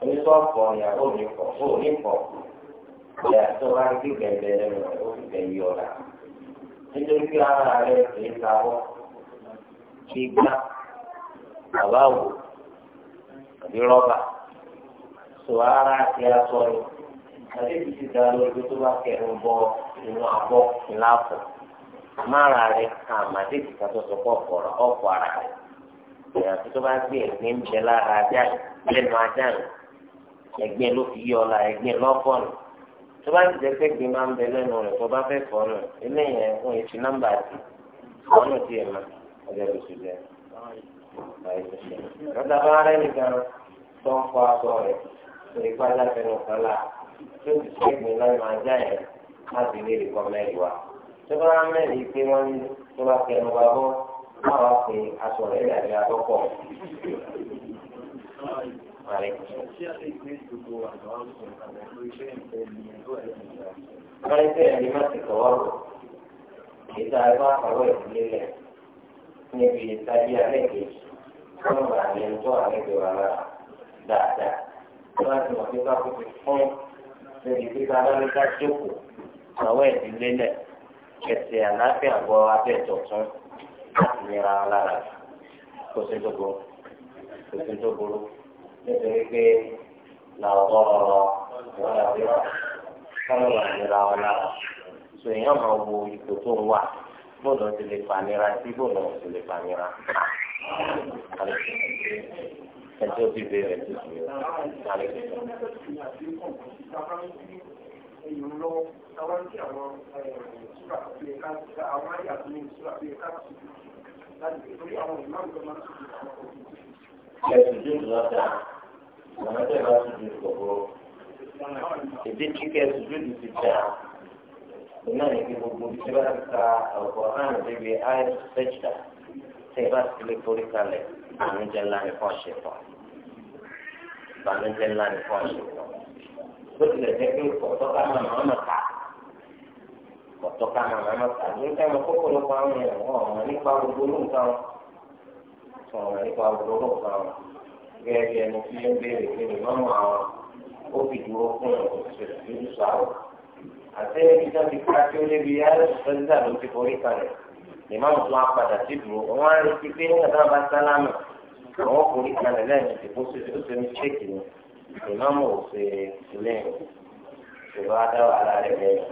ẹni tó fọ ni àbó mi fọ fó ní fọ ìyá tó bá ń gbé bẹ̀rẹ̀ lẹ́nu rẹ̀ ó fi bẹ̀rẹ̀ yọ ọ̀la. nítorí pé ara rẹ̀ kì í sáwọ́ kí gbá bàbá wò àbí rọ́bà so ara ti aṣọ ni àti ìdí ti dá lójú tó bá kẹnu bọ inú abọ́ ńlá fọ̀ mára rẹ àmàdéjì kan tó sọ pọ̀ ọ̀rọ̀ ọ̀pọ̀ ara rẹ ìyàtọ̀ tó bá gbé ẹ̀gbẹ́ ń bẹ lára ajá yìí lẹ́nu ajá yìí ẹ̀gbẹ́ ló fi yí ọ̀la ẹ̀gbẹ́ lọ́pọ̀ nù tó bá ti jẹ́ pé gbé máa ń bẹ lẹ́nu rẹ̀ tó bá fẹ́ fọ́ nù eléyìí ẹ̀fún èsì nọ́mbà ti fọ́ nù tiẹ̀ mọ́ ọjọ́ ló ti bẹ̀rẹ̀ lọ́dà bá rẹ̀ nìkan tó ń fọ aṣọ rẹ̀ lórí pálá fẹnu kan lá tó ti ṣẹ́gun lẹ́nu ajá yẹn má sì lè rí kọ́ mẹ́rin wa tó bá mẹ́rin pé wọ́n ní tó bá kẹnu wa bọ́ má wàá pé aṣọ rẹ̀ dàbí àkọ́kọ́. Wọ́n ṣe ẹ̀mí má ti kọ̀ ọ́rọ̀. Ìta ẹgbẹ́ àkọ́wé ìdílé rẹ̀ níbi ìtají alẹ́ kejì. Wọ́n mọ̀ àlẹ́ ń tọ́ àlẹ́ tó rárá dáadáa. Wọ́n ti mọ̀ pé ká kó ti fún níbi pípa lọ́lẹ́ká jókòó. Àwọn ìdílé náà ẹsẹ̀ àlàáfíà bọ́ abẹ́ ìtọ̀tún láti nira lára kò sí tó burú kò sí tó burú nítorí pé làwọn ọ̀rọ̀ wọn làwọn ọ̀rọ̀ wọn wà nira wọn lára sọ èèyàn máa wo ipò tó ń wà bọ́ọ̀lù ti lè fà nira sí bọ́ọ̀lù ti lè fà nira. Ẹjọ́ bíbélì ti sùn yóò èèyàn lọ́wọ́ àwọn tí àwọn ìṣúra àti ẹ̀ka àwọn ayé àti ìṣúra àti ẹ̀ka ti láti torí àwọn ìmáàmù tó máa ń ṣe àwọn òbí. Ẹ̀sùn tó ń lọ́ta, àwọn tẹ̀ bá ti di ìkọ̀kọ̀. Èdè kíkẹ́ ẹ̀sùn tó ti ti dà. Iná ní kí gbogbo tí bá ti ka ọ̀pọ̀ hàn débi ayé sẹ́jà tẹ̀ bá ti lè forí kalẹ̀. Ìbànújẹ́ ńlá ni fún ọ̀ṣẹ̀fọ̀. Ìbànújẹ́ ńlá ni fún ọ̀ṣẹ̀fọ̀ bó tilẹ̀ jẹ́ pé ọ̀tọ́ ká máa máa máa kà ọ̀tọ́ ká máa máa máa kà ní ẹ̀rọ kókó ló pa àwọn èèyàn wọn ọ̀ràn nípa gbogbo nǹkan wọn ọ̀ràn nípa gbogbo nǹkan wọn gẹ́gẹ́ bí ẹni tí ń béèrè pé ìmọ̀mù àwọn ó fi dúró fún òṣèlú ìlú sàwọ̀ àti ẹni tó ti ká kí ó débi ayé ló ti forí kalẹ̀ ìmọ̀mù tó wá padà sí dúró wọn á retí pé nígbà tá ìmọ̀mù òfin lẹ́yìn ìṣòro adáwà ara rẹ̀ lẹ́yìn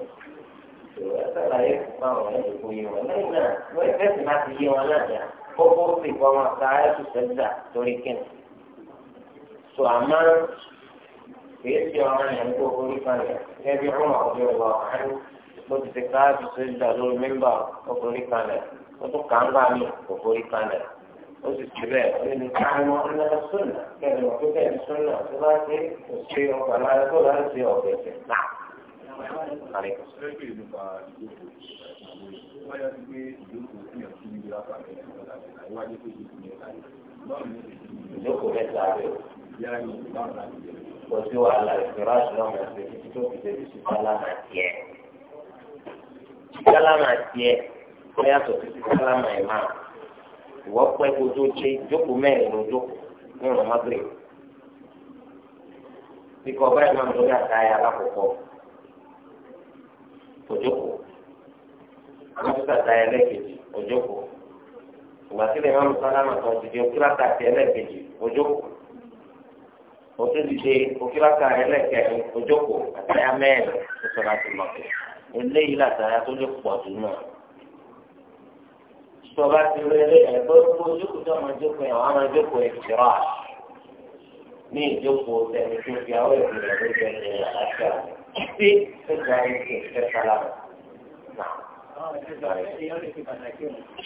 ìṣòro ẹ̀sán ayé fún àwọn ẹ̀yìn kò yé wọn lẹ́yìn náà wọ́n ẹgbẹ́ sì máa ti yé wọn náà dà kókó sì kọ́ wọn ká ẹ̀sùn sẹ́dá torí kíni. sọ àmọ́ kìí ṣe ọ̀ràn yẹn kó orí kan yẹn gẹ́gẹ́ bí ọmọ ọ̀dọ́ ìwà ọ̀hánú ti ti ká ẹ̀sùn sẹ́dá lórí mẹ́mbà ọkùnrin kan lẹ̀ ó tún kàńgà mi kò kan lẹ̀ ó sì ti bẹ́ẹ̀ nínú àwọn ọ̀nà sọ́nà bẹ́ẹ̀ lọ pé bẹ́ẹ̀ sọ́nà tó bá ṣe kò ṣe ọgbà lára tó bá ṣe ọ̀bẹ̀ tẹ̀ náà. ìjókòó mẹ́ta rẹ̀ kò sí wàhálà ìṣòro àṣìlọ́ ọ̀nà ṣe títí tó fi débi sí sálámà tiẹ̀. sálámà tiẹ̀ ó yàtọ̀ sí sálámà ìmáà. ìwọ pẹ́ kó tó ṣe jókòó mẹ́rin lójó ní ọ̀nà magreth bíkọ́ báyìí máa ń lórí àtàyà alákọ̀ọ́kọ́ òjókòó àwọn tó àtàyà ẹlẹ́kejì òjókòó ìgbà tí lè máa ń sálámà kan ti di òkúrátà ti ẹlẹ́kejì òjókòó òtún ti di òkúrátà ẹlẹ́kẹrin òjókòó àtàyà mẹ́rin tó sọ̀rọ̀ àti mọ̀tò eléyìí làtàyà tó lè pọ̀ jù náà tọba ti rẹ lé ẹgbẹ́ kó jókòó tó ọmọ jókòó yẹn wọn máa jókòó ìṣirà ní ìjókòó tẹni tó fi àwọn ìpìlẹ̀ tó jẹ ní àlàáfíà títí tó gba ẹsẹ̀ ìfẹ́ sálámù.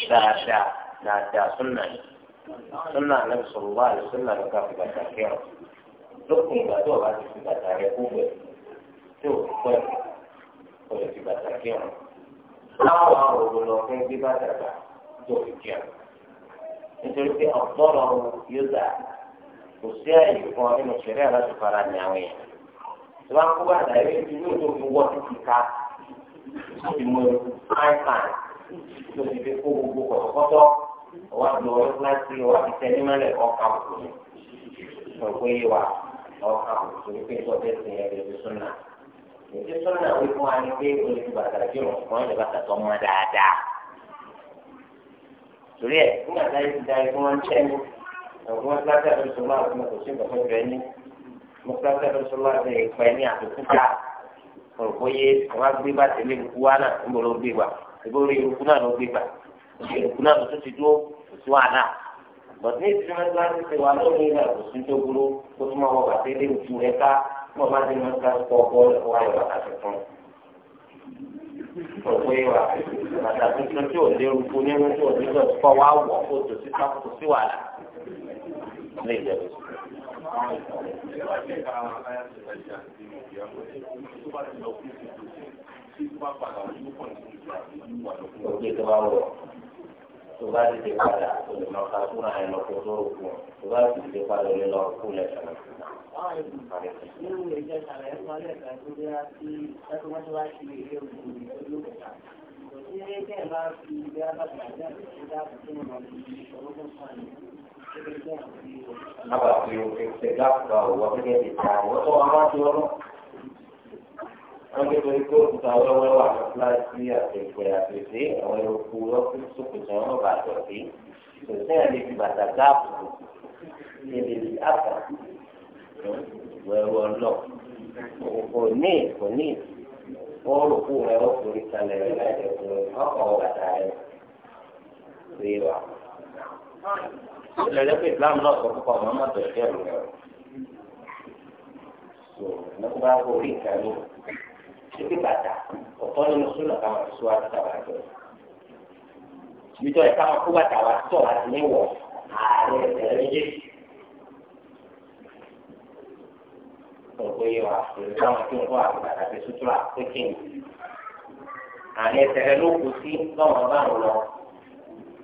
dáadáa dáadáa súnà súnà lẹ́nu sọ̀rọ̀ wá lẹ́nu súnà lọ́ka fi bàtà kẹrọ lókun ìgbà tó o bá ti fi bàtà rẹ kú bẹ̀ tó o pẹ́ o lè fi bàtà kẹrọ. láwọn àwọn òbò lọ fún bàtà bàtà tó fi jẹun nítorí pé ọ̀gbọ́rọ̀ yóòdà kò sí àyè fún ọ nínú ìṣẹ̀lẹ̀ aláṣọ fara ní àwọn èèyàn tí wọ́n á kó bàtà eré tí yóò tó fi wọ́ títí ká tó fi mú iPad tó fi fi kó gbogbo kọ̀tọ̀kọ́tọ̀ ọwọ́ àti ọ̀rọ̀ kíláàsì ọwọ́ àti tẹnumẹ́lẹ̀ ọkà òkùnrin ọ̀pọ̀ yìí wà ọkà òkùnrin tó fẹ́ sìn ẹ̀rẹ́ ti súnà ètò súnà wípé wọn á ní pé olùdíbàtà torí ẹ̀ nígbà tá a yẹ ti darí kí wọ́n ń tẹ́ ní ọ̀gbọ́n mọ́tíláṣí àdóṣọlá àti mọ́tòsí ìgbàfẹ́ bẹ̀rẹ̀ ní mọ́tíláṣí àdóṣọlá àti ìpẹ́ ní àtòkúta ọ̀rọ̀kọ́ yé àwọn agbébá tẹ̀lé ìlú wa náà ń bọ̀ ló gbé gbà ìbórí ìlú náà ló gbé gbà ìlú náà ló tún ti dúró kò sí wàhálà bọ̀dé ní ìdílé mọ́tíláṣí ti wà lórí ìlú àtòsí tó burú kó tó máa wọ bàtẹ́ lé rẹ ká mọ́ òwe wa bàtà tuntun tí ò léwu kú nínú tí ò ní lọ kọ́ wa wọ̀ kó tó sí sáfù sí wàhálà lè jẹ lọ. Oge tó bá wọ̀ tó bá ti dé padà tó lè máa ka fún àyè lọ kó tó rògbò tó bá ti dé padà lè lọ kó lè tẹ̀lé. nínú ìjọ ìṣàlẹ̀ fún alẹ́ ìgbà tó dé láti ẹ̀kọ́ wọn tó bá ti lè rí òkú ìlú òkúta. kò sí ilé tẹ́ ẹ̀ bá fi ìgbé abàtà àti ta wọ́n tó wọn máa ti ọdún agbẹ̀dọ̀ ikú òkúta wẹ́wẹ́ wà láti àtẹ̀fẹ̀ àtẹ̀fẹ̀ àwọn eruku lọ́kùn sókùtà wọn bá tọ̀ sí sọ̀tẹ́ àlè fi bàtà gáàpù lè lè àpà wẹ́wẹ́ ọlọ́ kò ní kò ní wọ́n rò kú rẹ̀ ó forí kalẹ̀ rẹ̀ láti ẹ̀kọ́ ọkọ̀ bàtà rẹ̀ sí wa. ìlẹ̀lẹ́ pé ìsìlámù náà sọ fún ọmọ ọmọ bẹ̀rẹ̀ rẹ̀ o. sọ̀rọ̀ nípa orí ìkàlù ṣíbí bàtà ọ̀tọ̀ nínú súnà káwọn ẹ̀ṣọ́ àti tàwọn àjọ. ìjọ ìkáwọn kó bàtà wa tọ̀ àti níwọ̀ ààrẹ ẹ̀rẹ́ méjèèjì. ọ̀pọ̀ yìí wà pẹ̀lú káwọn tí wọ́n wà bàtà fi sútúrà pékin. ààrẹ ẹ̀rẹ́ ló kù sí báwọn bá ń lọ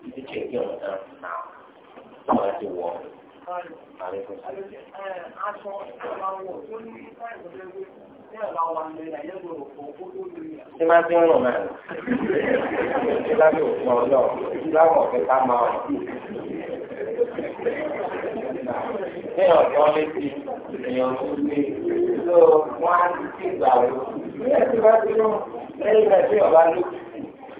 títí kí ọ̀nà náà wọ́n ti wọ̀ ọ́ aṣọ máa ti ń rùn náà, tí bá mi ò fún náà, tí bá wọ̀ fẹ́ máa wọ̀. Ní ọ̀dọ́ létí, èèyàn tó lé, ló wọ́n á ti gbà wọ́n. Ní ẹ̀sìn bá ti rùn, lẹ́yìn náà tí ọ̀bá lókè.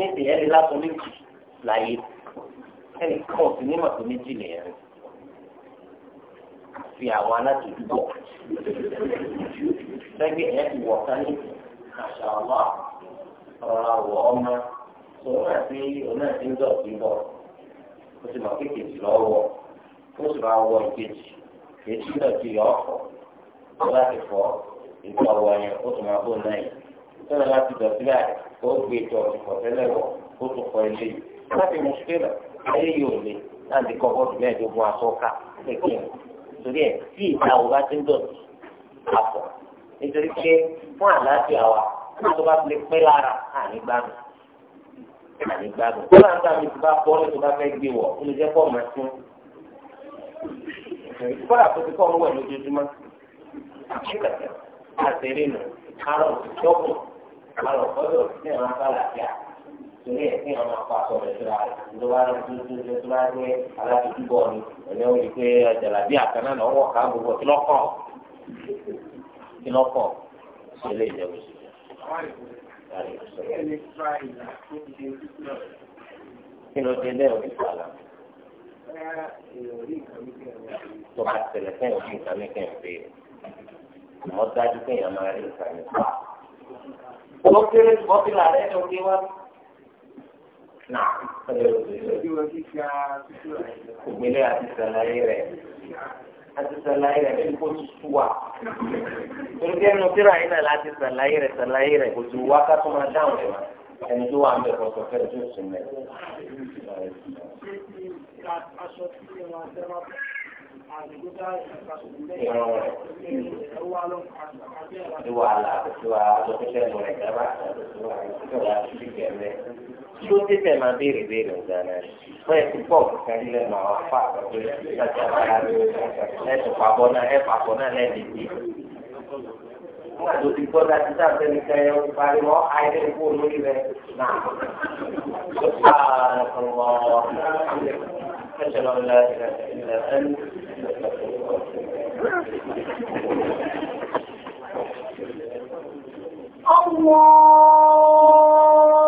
ní ìsìn ẹni lásán méjì láyé ẹnì kan sì ní màtó méjì nìyẹn fi àwọn alátòjú bọ̀ lẹ́gbẹ̀ẹ́ ẹ̀yẹ́ ti wọ̀ ká ní àṣà ọmọ ọ̀rọ̀ àwọ̀ ọmọ tó wọn àti ọ̀nà àti ń dọ̀tí bọ̀ ó sì mọ̀ kékeré lọ́wọ́ ó sì máa wọ ìkejì èyí náà ti yọ ọ̀fọ̀ tó láti fọ ìgbà wọ̀nyẹn ó sì máa bó náà yìí tó náà láti dọ̀tí báyìí ó gbé ìjọ ọ̀sìnkọ̀ tẹ́lẹ̀ wọ̀ ó tún kọ ilé yìí wọ́n fi mú sílẹ̀ ayé yìí ò le náà ti kọ́ bọ́ọ̀dù mẹ́ẹ̀ẹ́dógún asọ́ka kékeré torí ẹ̀ tí ìta ò bá ti ń dọ̀tí àpọ̀ nítorí pé fún àlàáfíà wa tó bá fi pẹ́ lára ànígbàdùn ànígbàdùn tó bá ń gbà mí ti bá bọ́ tó bá fẹ́ gbé wọ̀ ó lè jẹ́ pọ̀ mọ́ sí kọ́lá tó ti kọ́ ń wẹ̀ lójoojúmọ́ àti ìrẹsẹ̀ àti ìrìnà kárọ̀tì tọ́kùn àwọn ọ̀gbọ́dọ̀ ní ẹ̀rọ àbálàfíà torí ẹ̀ ní ọmọ àpá aṣọ rẹ̀ síra rẹ̀ tó bá rẹ̀ tó tó tó tó bá rẹ̀ alábìbí bọ̀ ni ẹ̀yẹ́ wò ni pé jàlábí àkànná náà wọ̀ ká gbogbo kí lọ́kàn kí lọ́kàn ṣe lè jẹ́ oṣù. kí ló dé lẹ́yìn oṣù àlà? tó bá tẹ̀lé kẹ́yìn oṣù ìkànnì kẹ́yìn pé àmọ́ dájú kẹ́yìn máa rí ìkànnì pa ó kéré jù mọ́kìlá rẹ̀ ní oge wá. Ògbélé àti sàlàyé rẹ̀ àti sàlàyé rẹ̀ ní kó tutù wà. Torí ẹnu tíra yìí náà láti sàlàyé rẹ̀ sàlàyé rẹ̀ kò tún wá ká tó máa dáhùn rẹ̀ wá. Ẹni tó wà ń bẹ̀ kọ́sọ̀ fẹ́rẹ̀ tó sùn mẹ́. Aṣọ tí wọ́n á fẹ́ máa bọ̀ ìwà àlà ìwà àtọ̀tẹ̀tẹ̀ lọ rẹ̀ gbàgbà ìwà ìwà ìṣìkẹ̀ rẹ̀. Kí ló dé tẹ̀ máa béèrè béèrè ọ̀gá náà? Wọ́n yẹ kí pọ́ọ̀kì kan nílẹ̀ mọ́ àwọn afá àtọ̀tẹ̀ láti àbára rẹ̀ ẹ̀sùn pàbọ̀ náà ẹ̀ pàbọ̀ náà lẹ́ẹ̀dì bí. Nígbà tó ti gbọ́ láti dá abẹ́ mi kẹ́yẹ ń parí mọ́ ayé kó lórí rẹ̀ náà. أشهد أن لا إله إلا أنت الله